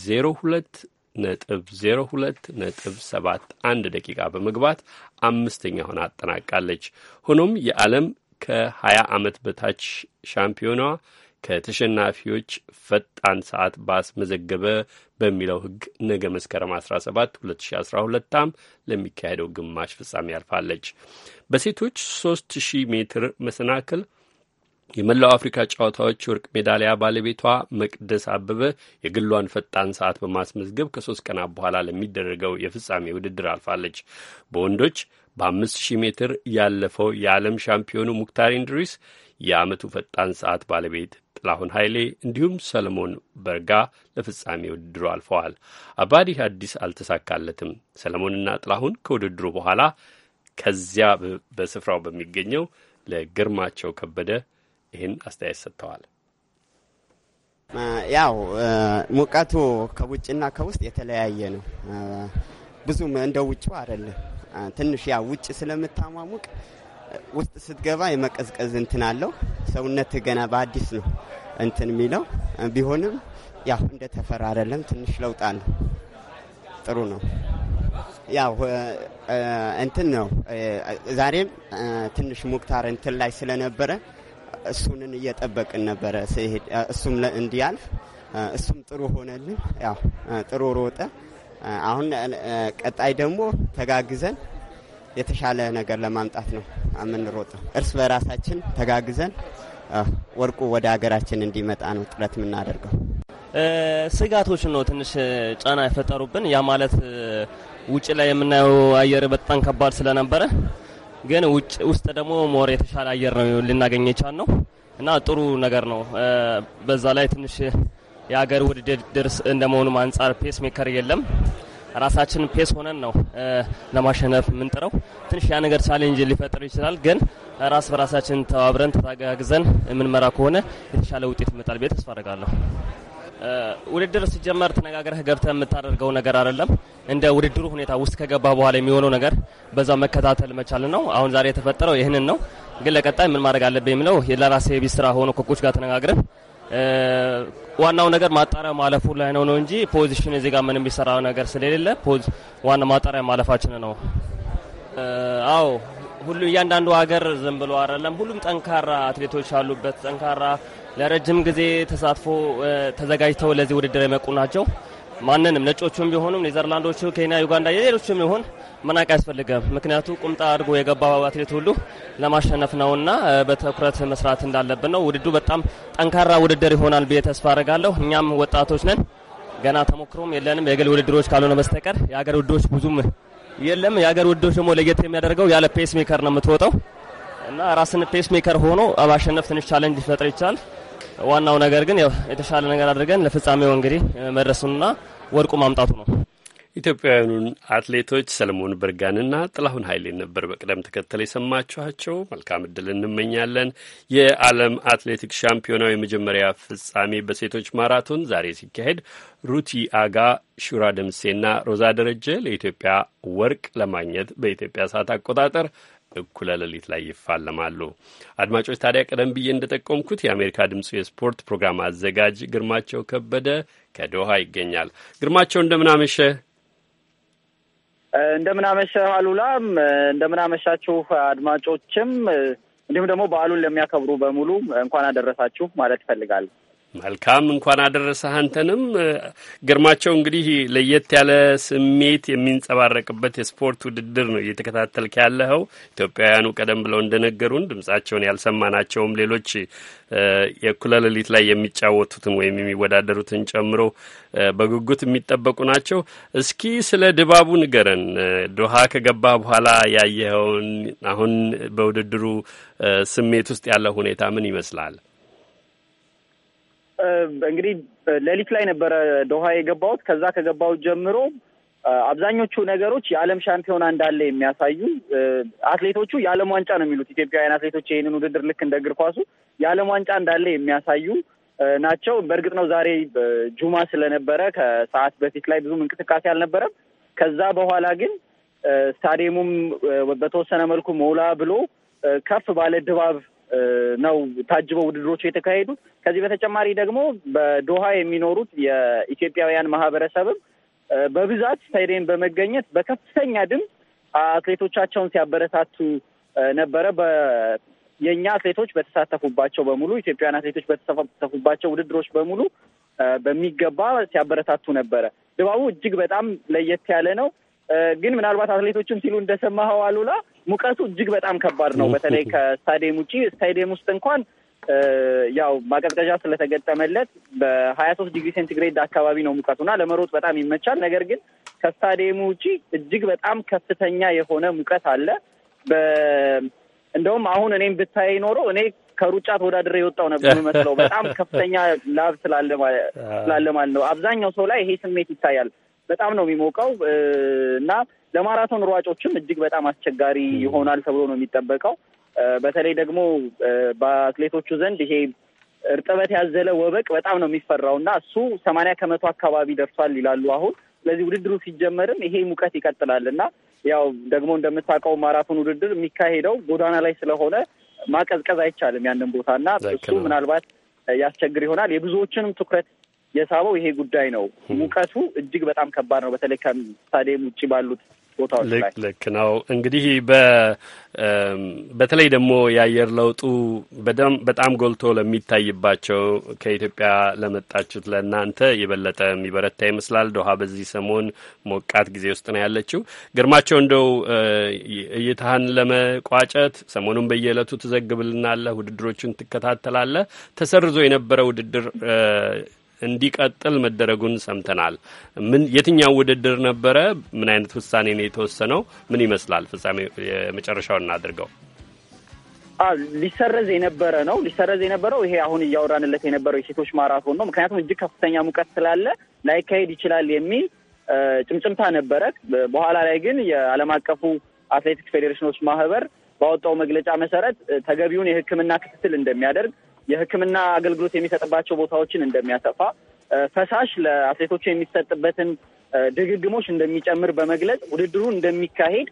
ዜሮ ሁለት ነጥብ ዜሮ ሁለት ነጥብ ሰባት አንድ ደቂቃ በመግባት አምስተኛ ሆና አጠናቃለች። ሆኖም የዓለም ከ20 ዓመት በታች ሻምፒዮኗ ከተሸናፊዎች ፈጣን ሰዓት ባስመዘገበ በሚለው ሕግ ነገ መስከረም 17 2012 ዓ.ም ለሚካሄደው ግማሽ ፍጻሜ ያልፋለች። በሴቶች 3000 ሜትር መሰናክል የመላው አፍሪካ ጨዋታዎች ወርቅ ሜዳሊያ ባለቤቷ መቅደስ አበበ የግሏን ፈጣን ሰዓት በማስመዝገብ ከሶስት ቀናት በኋላ ለሚደረገው የፍጻሜ ውድድር አልፋለች። በወንዶች በአምስት ሺህ ሜትር ያለፈው የዓለም ሻምፒዮኑ ሙክታር ኢድሪስ፣ የአመቱ ፈጣን ሰዓት ባለቤት ጥላሁን ኃይሌ እንዲሁም ሰለሞን በርጋ ለፍጻሜ ውድድሩ አልፈዋል። አባዲ አዲስ አልተሳካለትም። ሰለሞንና ጥላሁን ከውድድሩ በኋላ ከዚያ በስፍራው በሚገኘው ለግርማቸው ከበደ ይህን አስተያየት ሰጥተዋል። ያው ሙቀቱ ከውጭና ከውስጥ የተለያየ ነው። ብዙም እንደ ውጭው አይደለም። ትንሽ ያ ውጭ ስለምታሟሙቅ ውስጥ ስትገባ የመቀዝቀዝ እንትን አለው። ሰውነት ገና በአዲስ ነው እንትን የሚለው ቢሆንም ያው እንደ ተፈራ አይደለም። ትንሽ ለውጥ አለው። ጥሩ ነው። ያው እንትን ነው። ዛሬም ትንሽ ሙክታር እንትን ላይ ስለነበረ እሱንን እየጠበቅን ነበረ ሲሄድ እሱም እንዲያልፍ እሱም ጥሩ ሆነልን። ያው ጥሩ ሮጠ። አሁን ቀጣይ ደግሞ ተጋግዘን የተሻለ ነገር ለማምጣት ነው የምንሮጠው። እርስ በራሳችን ተጋግዘን ወርቁ ወደ ሀገራችን እንዲመጣ ነው ጥረት የምናደርገው። ስጋቶች ነው ትንሽ ጫና የፈጠሩብን። ያ ማለት ውጭ ላይ የምናየው አየር በጣም ከባድ ስለነበረ ግን ውጭ ውስጥ ደግሞ ሞር የተሻለ አየር ነው ልናገኝ የቻል ነው እና ጥሩ ነገር ነው። በዛ ላይ ትንሽ የሀገር ውድድር እንደመሆኑ አንጻር ፔስ ሜከር የለም። ራሳችን ፔስ ሆነን ነው ለማሸነፍ የምንጥረው። ትንሽ ያ ነገር ቻሌንጅ ሊፈጥር ይችላል፣ ግን ራስ በራሳችን ተባብረን ተጋግዘን የምንመራ ከሆነ የተሻለ ውጤት ይመጣል ብዬ ተስፋ አደርጋለሁ። ውድድር ሲጀመር ተነጋግረህ ገብተህ የምታደርገው ነገር አይደለም። እንደ ውድድሩ ሁኔታ ውስጥ ከገባ በኋላ የሚሆነው ነገር በዛ መከታተል መቻል ነው። አሁን ዛሬ የተፈጠረው ይህንን ነው። ግን ለቀጣይ ምን ማድረግ አለብኝ የሚለው ለራሴ ቤት ስራ ሆኖ ኮኮች ጋር ተነጋግረን ዋናው ነገር ማጣሪያ ማለፉ ላይ ነው ነው እንጂ ፖዚሽን እዚህ ጋር ምን የሚሰራው ነገር ስለሌለ ዋና ማጣሪያ ማለፋችን ነው። አዎ ሁሉ እያንዳንዱ ሀገር ዝም ብሎ አይደለም። ሁሉም ጠንካራ አትሌቶች አሉበት ጠንካራ ለረጅም ጊዜ ተሳትፎ ተዘጋጅተው ለዚህ ውድድር የመቁ ናቸው። ማንንም ነጮቹም ቢሆኑም ኔዘርላንዶቹ፣ ኬንያ፣ ዩጋንዳ፣ የሌሎችም ቢሆን መናቅ ያስፈልገም። ምክንያቱ ቁምጣ አድርጎ የገባ አትሌት ሁሉ ለማሸነፍ ነውና በትኩረት መስራት እንዳለብን ነው። ውድድሩ በጣም ጠንካራ ውድድር ይሆናል ብዬ ተስፋ አድርጋለሁ። እኛም ወጣቶች ነን፣ ገና ተሞክሮም የለንም። የግል ውድድሮች ካልሆነ በስተቀር የሀገር ውድድሮች ብዙም የለም። የሀገር ውድድሮች ደግሞ ለየት የሚያደርገው ያለ ፔስ ሜከር ነው የምትወጣው እና ራስን ፔስ ሜከር ሆኖ ማሸነፍ ትንሽ ቻለንጅ ሊፈጥር ይቻል ዋናው ነገር ግን የተሻለ ነገር አድርገን ለፍጻሜው እንግዲህ መድረሱንና ወርቁ ማምጣቱ ነው። ኢትዮጵያውያኑን አትሌቶች ሰለሞን በርጋንና ጥላሁን ኃይሌን ነበር በቅደም ተከተል የሰማችኋቸው። መልካም እድል እንመኛለን። የዓለም አትሌቲክስ ሻምፒዮናው የመጀመሪያ ፍጻሜ በሴቶች ማራቶን ዛሬ ሲካሄድ ሩቲ አጋ፣ ሹራ ደምሴና ሮዛ ደረጀ ለኢትዮጵያ ወርቅ ለማግኘት በኢትዮጵያ ሰዓት አቆጣጠር እኩለ ሌሊት ላይ ይፋለማሉ። አድማጮች ታዲያ ቀደም ብዬ እንደጠቆምኩት የአሜሪካ ድምፅ የስፖርት ፕሮግራም አዘጋጅ ግርማቸው ከበደ ከዶሃ ይገኛል። ግርማቸው እንደምናመሸ እንደምናመሸ አሉላም እንደምናመሻችሁ አድማጮችም እንዲሁም ደግሞ በዓሉን ለሚያከብሩ በሙሉ እንኳን አደረሳችሁ ማለት ይፈልጋል። መልካም እንኳን አደረሰህ። አንተንም ግርማቸው፣ እንግዲህ ለየት ያለ ስሜት የሚንጸባረቅበት የስፖርት ውድድር ነው እየተከታተልክ ያለኸው። ኢትዮጵያውያኑ ቀደም ብለው እንደነገሩን ድምጻቸውን ያልሰማናቸውም ሌሎች የእኩለ ሌሊት ላይ የሚጫወቱትን ወይም የሚወዳደሩትን ጨምሮ በጉጉት የሚጠበቁ ናቸው። እስኪ ስለ ድባቡ ንገረን። ዶሃ ከገባ በኋላ ያየኸውን አሁን በውድድሩ ስሜት ውስጥ ያለው ሁኔታ ምን ይመስላል? እንግዲህ ሌሊት ላይ ነበረ ዶሃ የገባሁት። ከዛ ከገባሁት ጀምሮ አብዛኞቹ ነገሮች የዓለም ሻምፒዮና እንዳለ የሚያሳዩ አትሌቶቹ የዓለም ዋንጫ ነው የሚሉት ኢትዮጵያውያን አትሌቶች ይህንን ውድድር ልክ እንደ እግር ኳሱ የዓለም ዋንጫ እንዳለ የሚያሳዩ ናቸው። በእርግጥ ነው ዛሬ ጁማ ስለነበረ ከሰዓት በፊት ላይ ብዙም እንቅስቃሴ አልነበረም። ከዛ በኋላ ግን ስታዲየሙም በተወሰነ መልኩ ሞላ ብሎ ከፍ ባለ ድባብ ነው ታጅበው ውድድሮቹ የተካሄዱት። ከዚህ በተጨማሪ ደግሞ በዶሃ የሚኖሩት የኢትዮጵያውያን ማህበረሰብም በብዛት ስታዲየም በመገኘት በከፍተኛ ድምፅ አትሌቶቻቸውን ሲያበረታቱ ነበረ። የእኛ አትሌቶች በተሳተፉባቸው በሙሉ ኢትዮጵያውያን አትሌቶች በተሳተፉባቸው ውድድሮች በሙሉ በሚገባ ሲያበረታቱ ነበረ። ድባቡ እጅግ በጣም ለየት ያለ ነው። ግን ምናልባት አትሌቶችም ሲሉ እንደሰማኸው አሉላ ሙቀቱ እጅግ በጣም ከባድ ነው። በተለይ ከስታዲየም ውጭ ስታዲየም ውስጥ እንኳን ያው ማቀዝቀዣ ስለተገጠመለት በሀያ ሶስት ዲግሪ ሴንቲግሬድ አካባቢ ነው ሙቀቱና ለመሮጥ በጣም ይመቻል። ነገር ግን ከስታዲየሙ ውጪ እጅግ በጣም ከፍተኛ የሆነ ሙቀት አለ። እንደውም አሁን እኔም ብታይ ኖሮ እኔ ከሩጫ ተወዳድሬ የወጣው ነበር የሚመስለው። በጣም ከፍተኛ ላብ ስላለ ማለት ነው። አብዛኛው ሰው ላይ ይሄ ስሜት ይታያል። በጣም ነው የሚሞቀው እና ለማራቶን ሯጮችም እጅግ በጣም አስቸጋሪ ይሆናል ተብሎ ነው የሚጠበቀው። በተለይ ደግሞ በአትሌቶቹ ዘንድ ይሄ እርጥበት ያዘለ ወበቅ በጣም ነው የሚፈራው እና እሱ ሰማንያ ከመቶ አካባቢ ደርሷል ይላሉ አሁን። ስለዚህ ውድድሩ ሲጀመርም ይሄ ሙቀት ይቀጥላል እና ያው ደግሞ እንደምታውቀው ማራቶን ውድድር የሚካሄደው ጎዳና ላይ ስለሆነ ማቀዝቀዝ አይቻልም ያንን ቦታ እና እሱ ምናልባት ያስቸግር ይሆናል። የብዙዎችንም ትኩረት የሳበው ይሄ ጉዳይ ነው። ሙቀቱ እጅግ በጣም ከባድ ነው። በተለይ ከስታዲየም ውጭ ባሉት ቦታዎች ላይ ልክ ነው። እንግዲህ በተለይ ደግሞ የአየር ለውጡ በጣም ጎልቶ ለሚታይባቸው ከኢትዮጵያ ለመጣችሁት ለእናንተ የበለጠ የሚበረታ ይመስላል። ዶሃ በዚህ ሰሞን ሞቃት ጊዜ ውስጥ ነው ያለችው። ግርማቸው፣ እንደው እይታህን ለመቋጨት ሰሞኑን በየዕለቱ ትዘግብልናለህ፣ ውድድሮቹን ትከታተላለህ። ተሰርዞ የነበረ ውድድር እንዲቀጥል መደረጉን ሰምተናል። ምን የትኛው ውድድር ነበረ? ምን አይነት ውሳኔ ነው የተወሰነው? ምን ይመስላል ፍጻሜ? የመጨረሻው እናድርገው። ሊሰረዝ የነበረ ነው። ሊሰረዝ የነበረው ይሄ አሁን እያወራንለት የነበረው የሴቶች ማራቶን ነው። ምክንያቱም እጅግ ከፍተኛ ሙቀት ስላለ ላይካሄድ ይችላል የሚል ጭምጭምታ ነበረ። በኋላ ላይ ግን የዓለም አቀፉ አትሌቲክስ ፌዴሬሽኖች ማህበር ባወጣው መግለጫ መሰረት ተገቢውን የሕክምና ክትትል እንደሚያደርግ የሕክምና አገልግሎት የሚሰጥባቸው ቦታዎችን እንደሚያሰፋ፣ ፈሳሽ ለአትሌቶች የሚሰጥበትን ድግግሞች እንደሚጨምር በመግለጽ ውድድሩ እንደሚካሄድ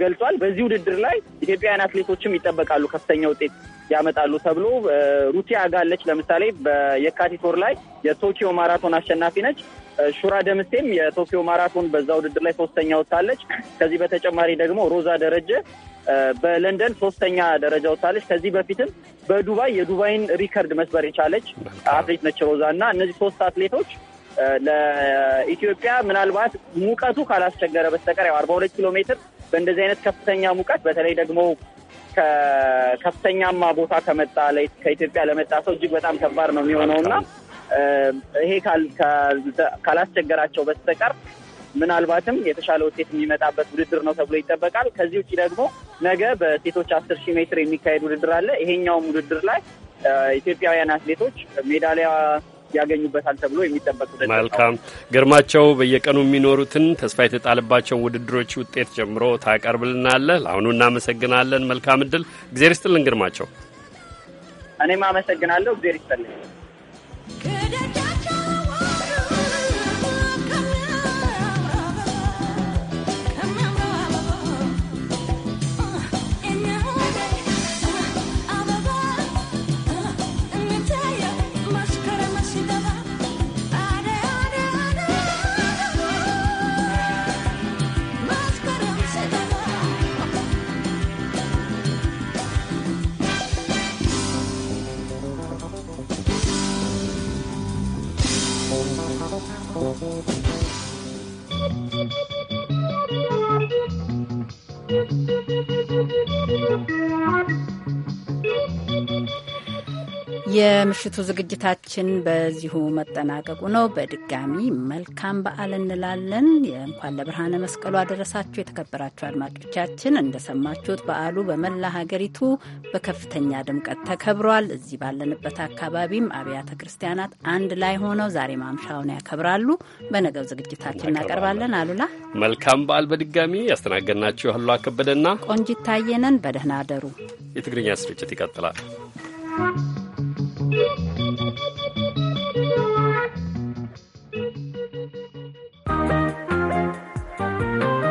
ገልጿል። በዚህ ውድድር ላይ ኢትዮጵያውያን አትሌቶችም ይጠበቃሉ፣ ከፍተኛ ውጤት ያመጣሉ ተብሎ ሩቲ አጋለች ለምሳሌ በየካቲት ወር ላይ የቶኪዮ ማራቶን አሸናፊ ነች። ሹራ ደምስቴም የቶኪዮ ማራቶን በዛ ውድድር ላይ ሶስተኛ ወጥታለች። ከዚህ በተጨማሪ ደግሞ ሮዛ ደረጀ በለንደን ሶስተኛ ደረጃ ወጥታለች። ከዚህ በፊትም በዱባይ የዱባይን ሪከርድ መስበር የቻለች አትሌት ነች ሮዛ እና እነዚህ ሶስት አትሌቶች ለኢትዮጵያ ምናልባት ሙቀቱ ካላስቸገረ በስተቀር ያው አርባ ሁለት ኪሎ ሜትር በእንደዚህ አይነት ከፍተኛ ሙቀት በተለይ ደግሞ ከከፍተኛማ ቦታ ከመጣ ከኢትዮጵያ ለመጣ ሰው እጅግ በጣም ከባድ ነው የሚሆነው እና ይሄ ካላስቸገራቸው በስተቀር ምናልባትም የተሻለ ውጤት የሚመጣበት ውድድር ነው ተብሎ ይጠበቃል። ከዚህ ውጭ ደግሞ ነገ በሴቶች አስር ሺህ ሜትር የሚካሄድ ውድድር አለ። ይሄኛውም ውድድር ላይ ኢትዮጵያውያን አትሌቶች ሜዳሊያ ያገኙበታል ተብሎ የሚጠበቅ ውድድር መልካም ግርማቸው፣ በየቀኑ የሚኖሩትን ተስፋ የተጣለባቸው ውድድሮች ውጤት ጀምሮ ታቀርብልናለህ። ለአሁኑ እናመሰግናለን። መልካም እድል። እግዜር ይስጥልን ግርማቸው። እኔም አመሰግናለሁ። እግዜር ይስጥልን። Yeah. Thank you. የምሽቱ ዝግጅታችን በዚሁ መጠናቀቁ ነው። በድጋሚ መልካም በዓል እንላለን። እንኳን ለብርሃነ መስቀሉ አደረሳችሁ። የተከበራችሁ አድማጮቻችን እንደሰማችሁት በዓሉ በመላ ሀገሪቱ በከፍተኛ ድምቀት ተከብሯል። እዚህ ባለንበት አካባቢም አብያተ ክርስቲያናት አንድ ላይ ሆነው ዛሬ ማምሻውን ያከብራሉ። በነገው ዝግጅታችን እናቀርባለን። አሉላ መልካም በዓል በድጋሚ ያስተናገድናችሁ ያሉ ከበደና ቆንጂት ታየነን። በደህና አደሩ። የትግርኛ ስርጭት ይቀጥላል። thank you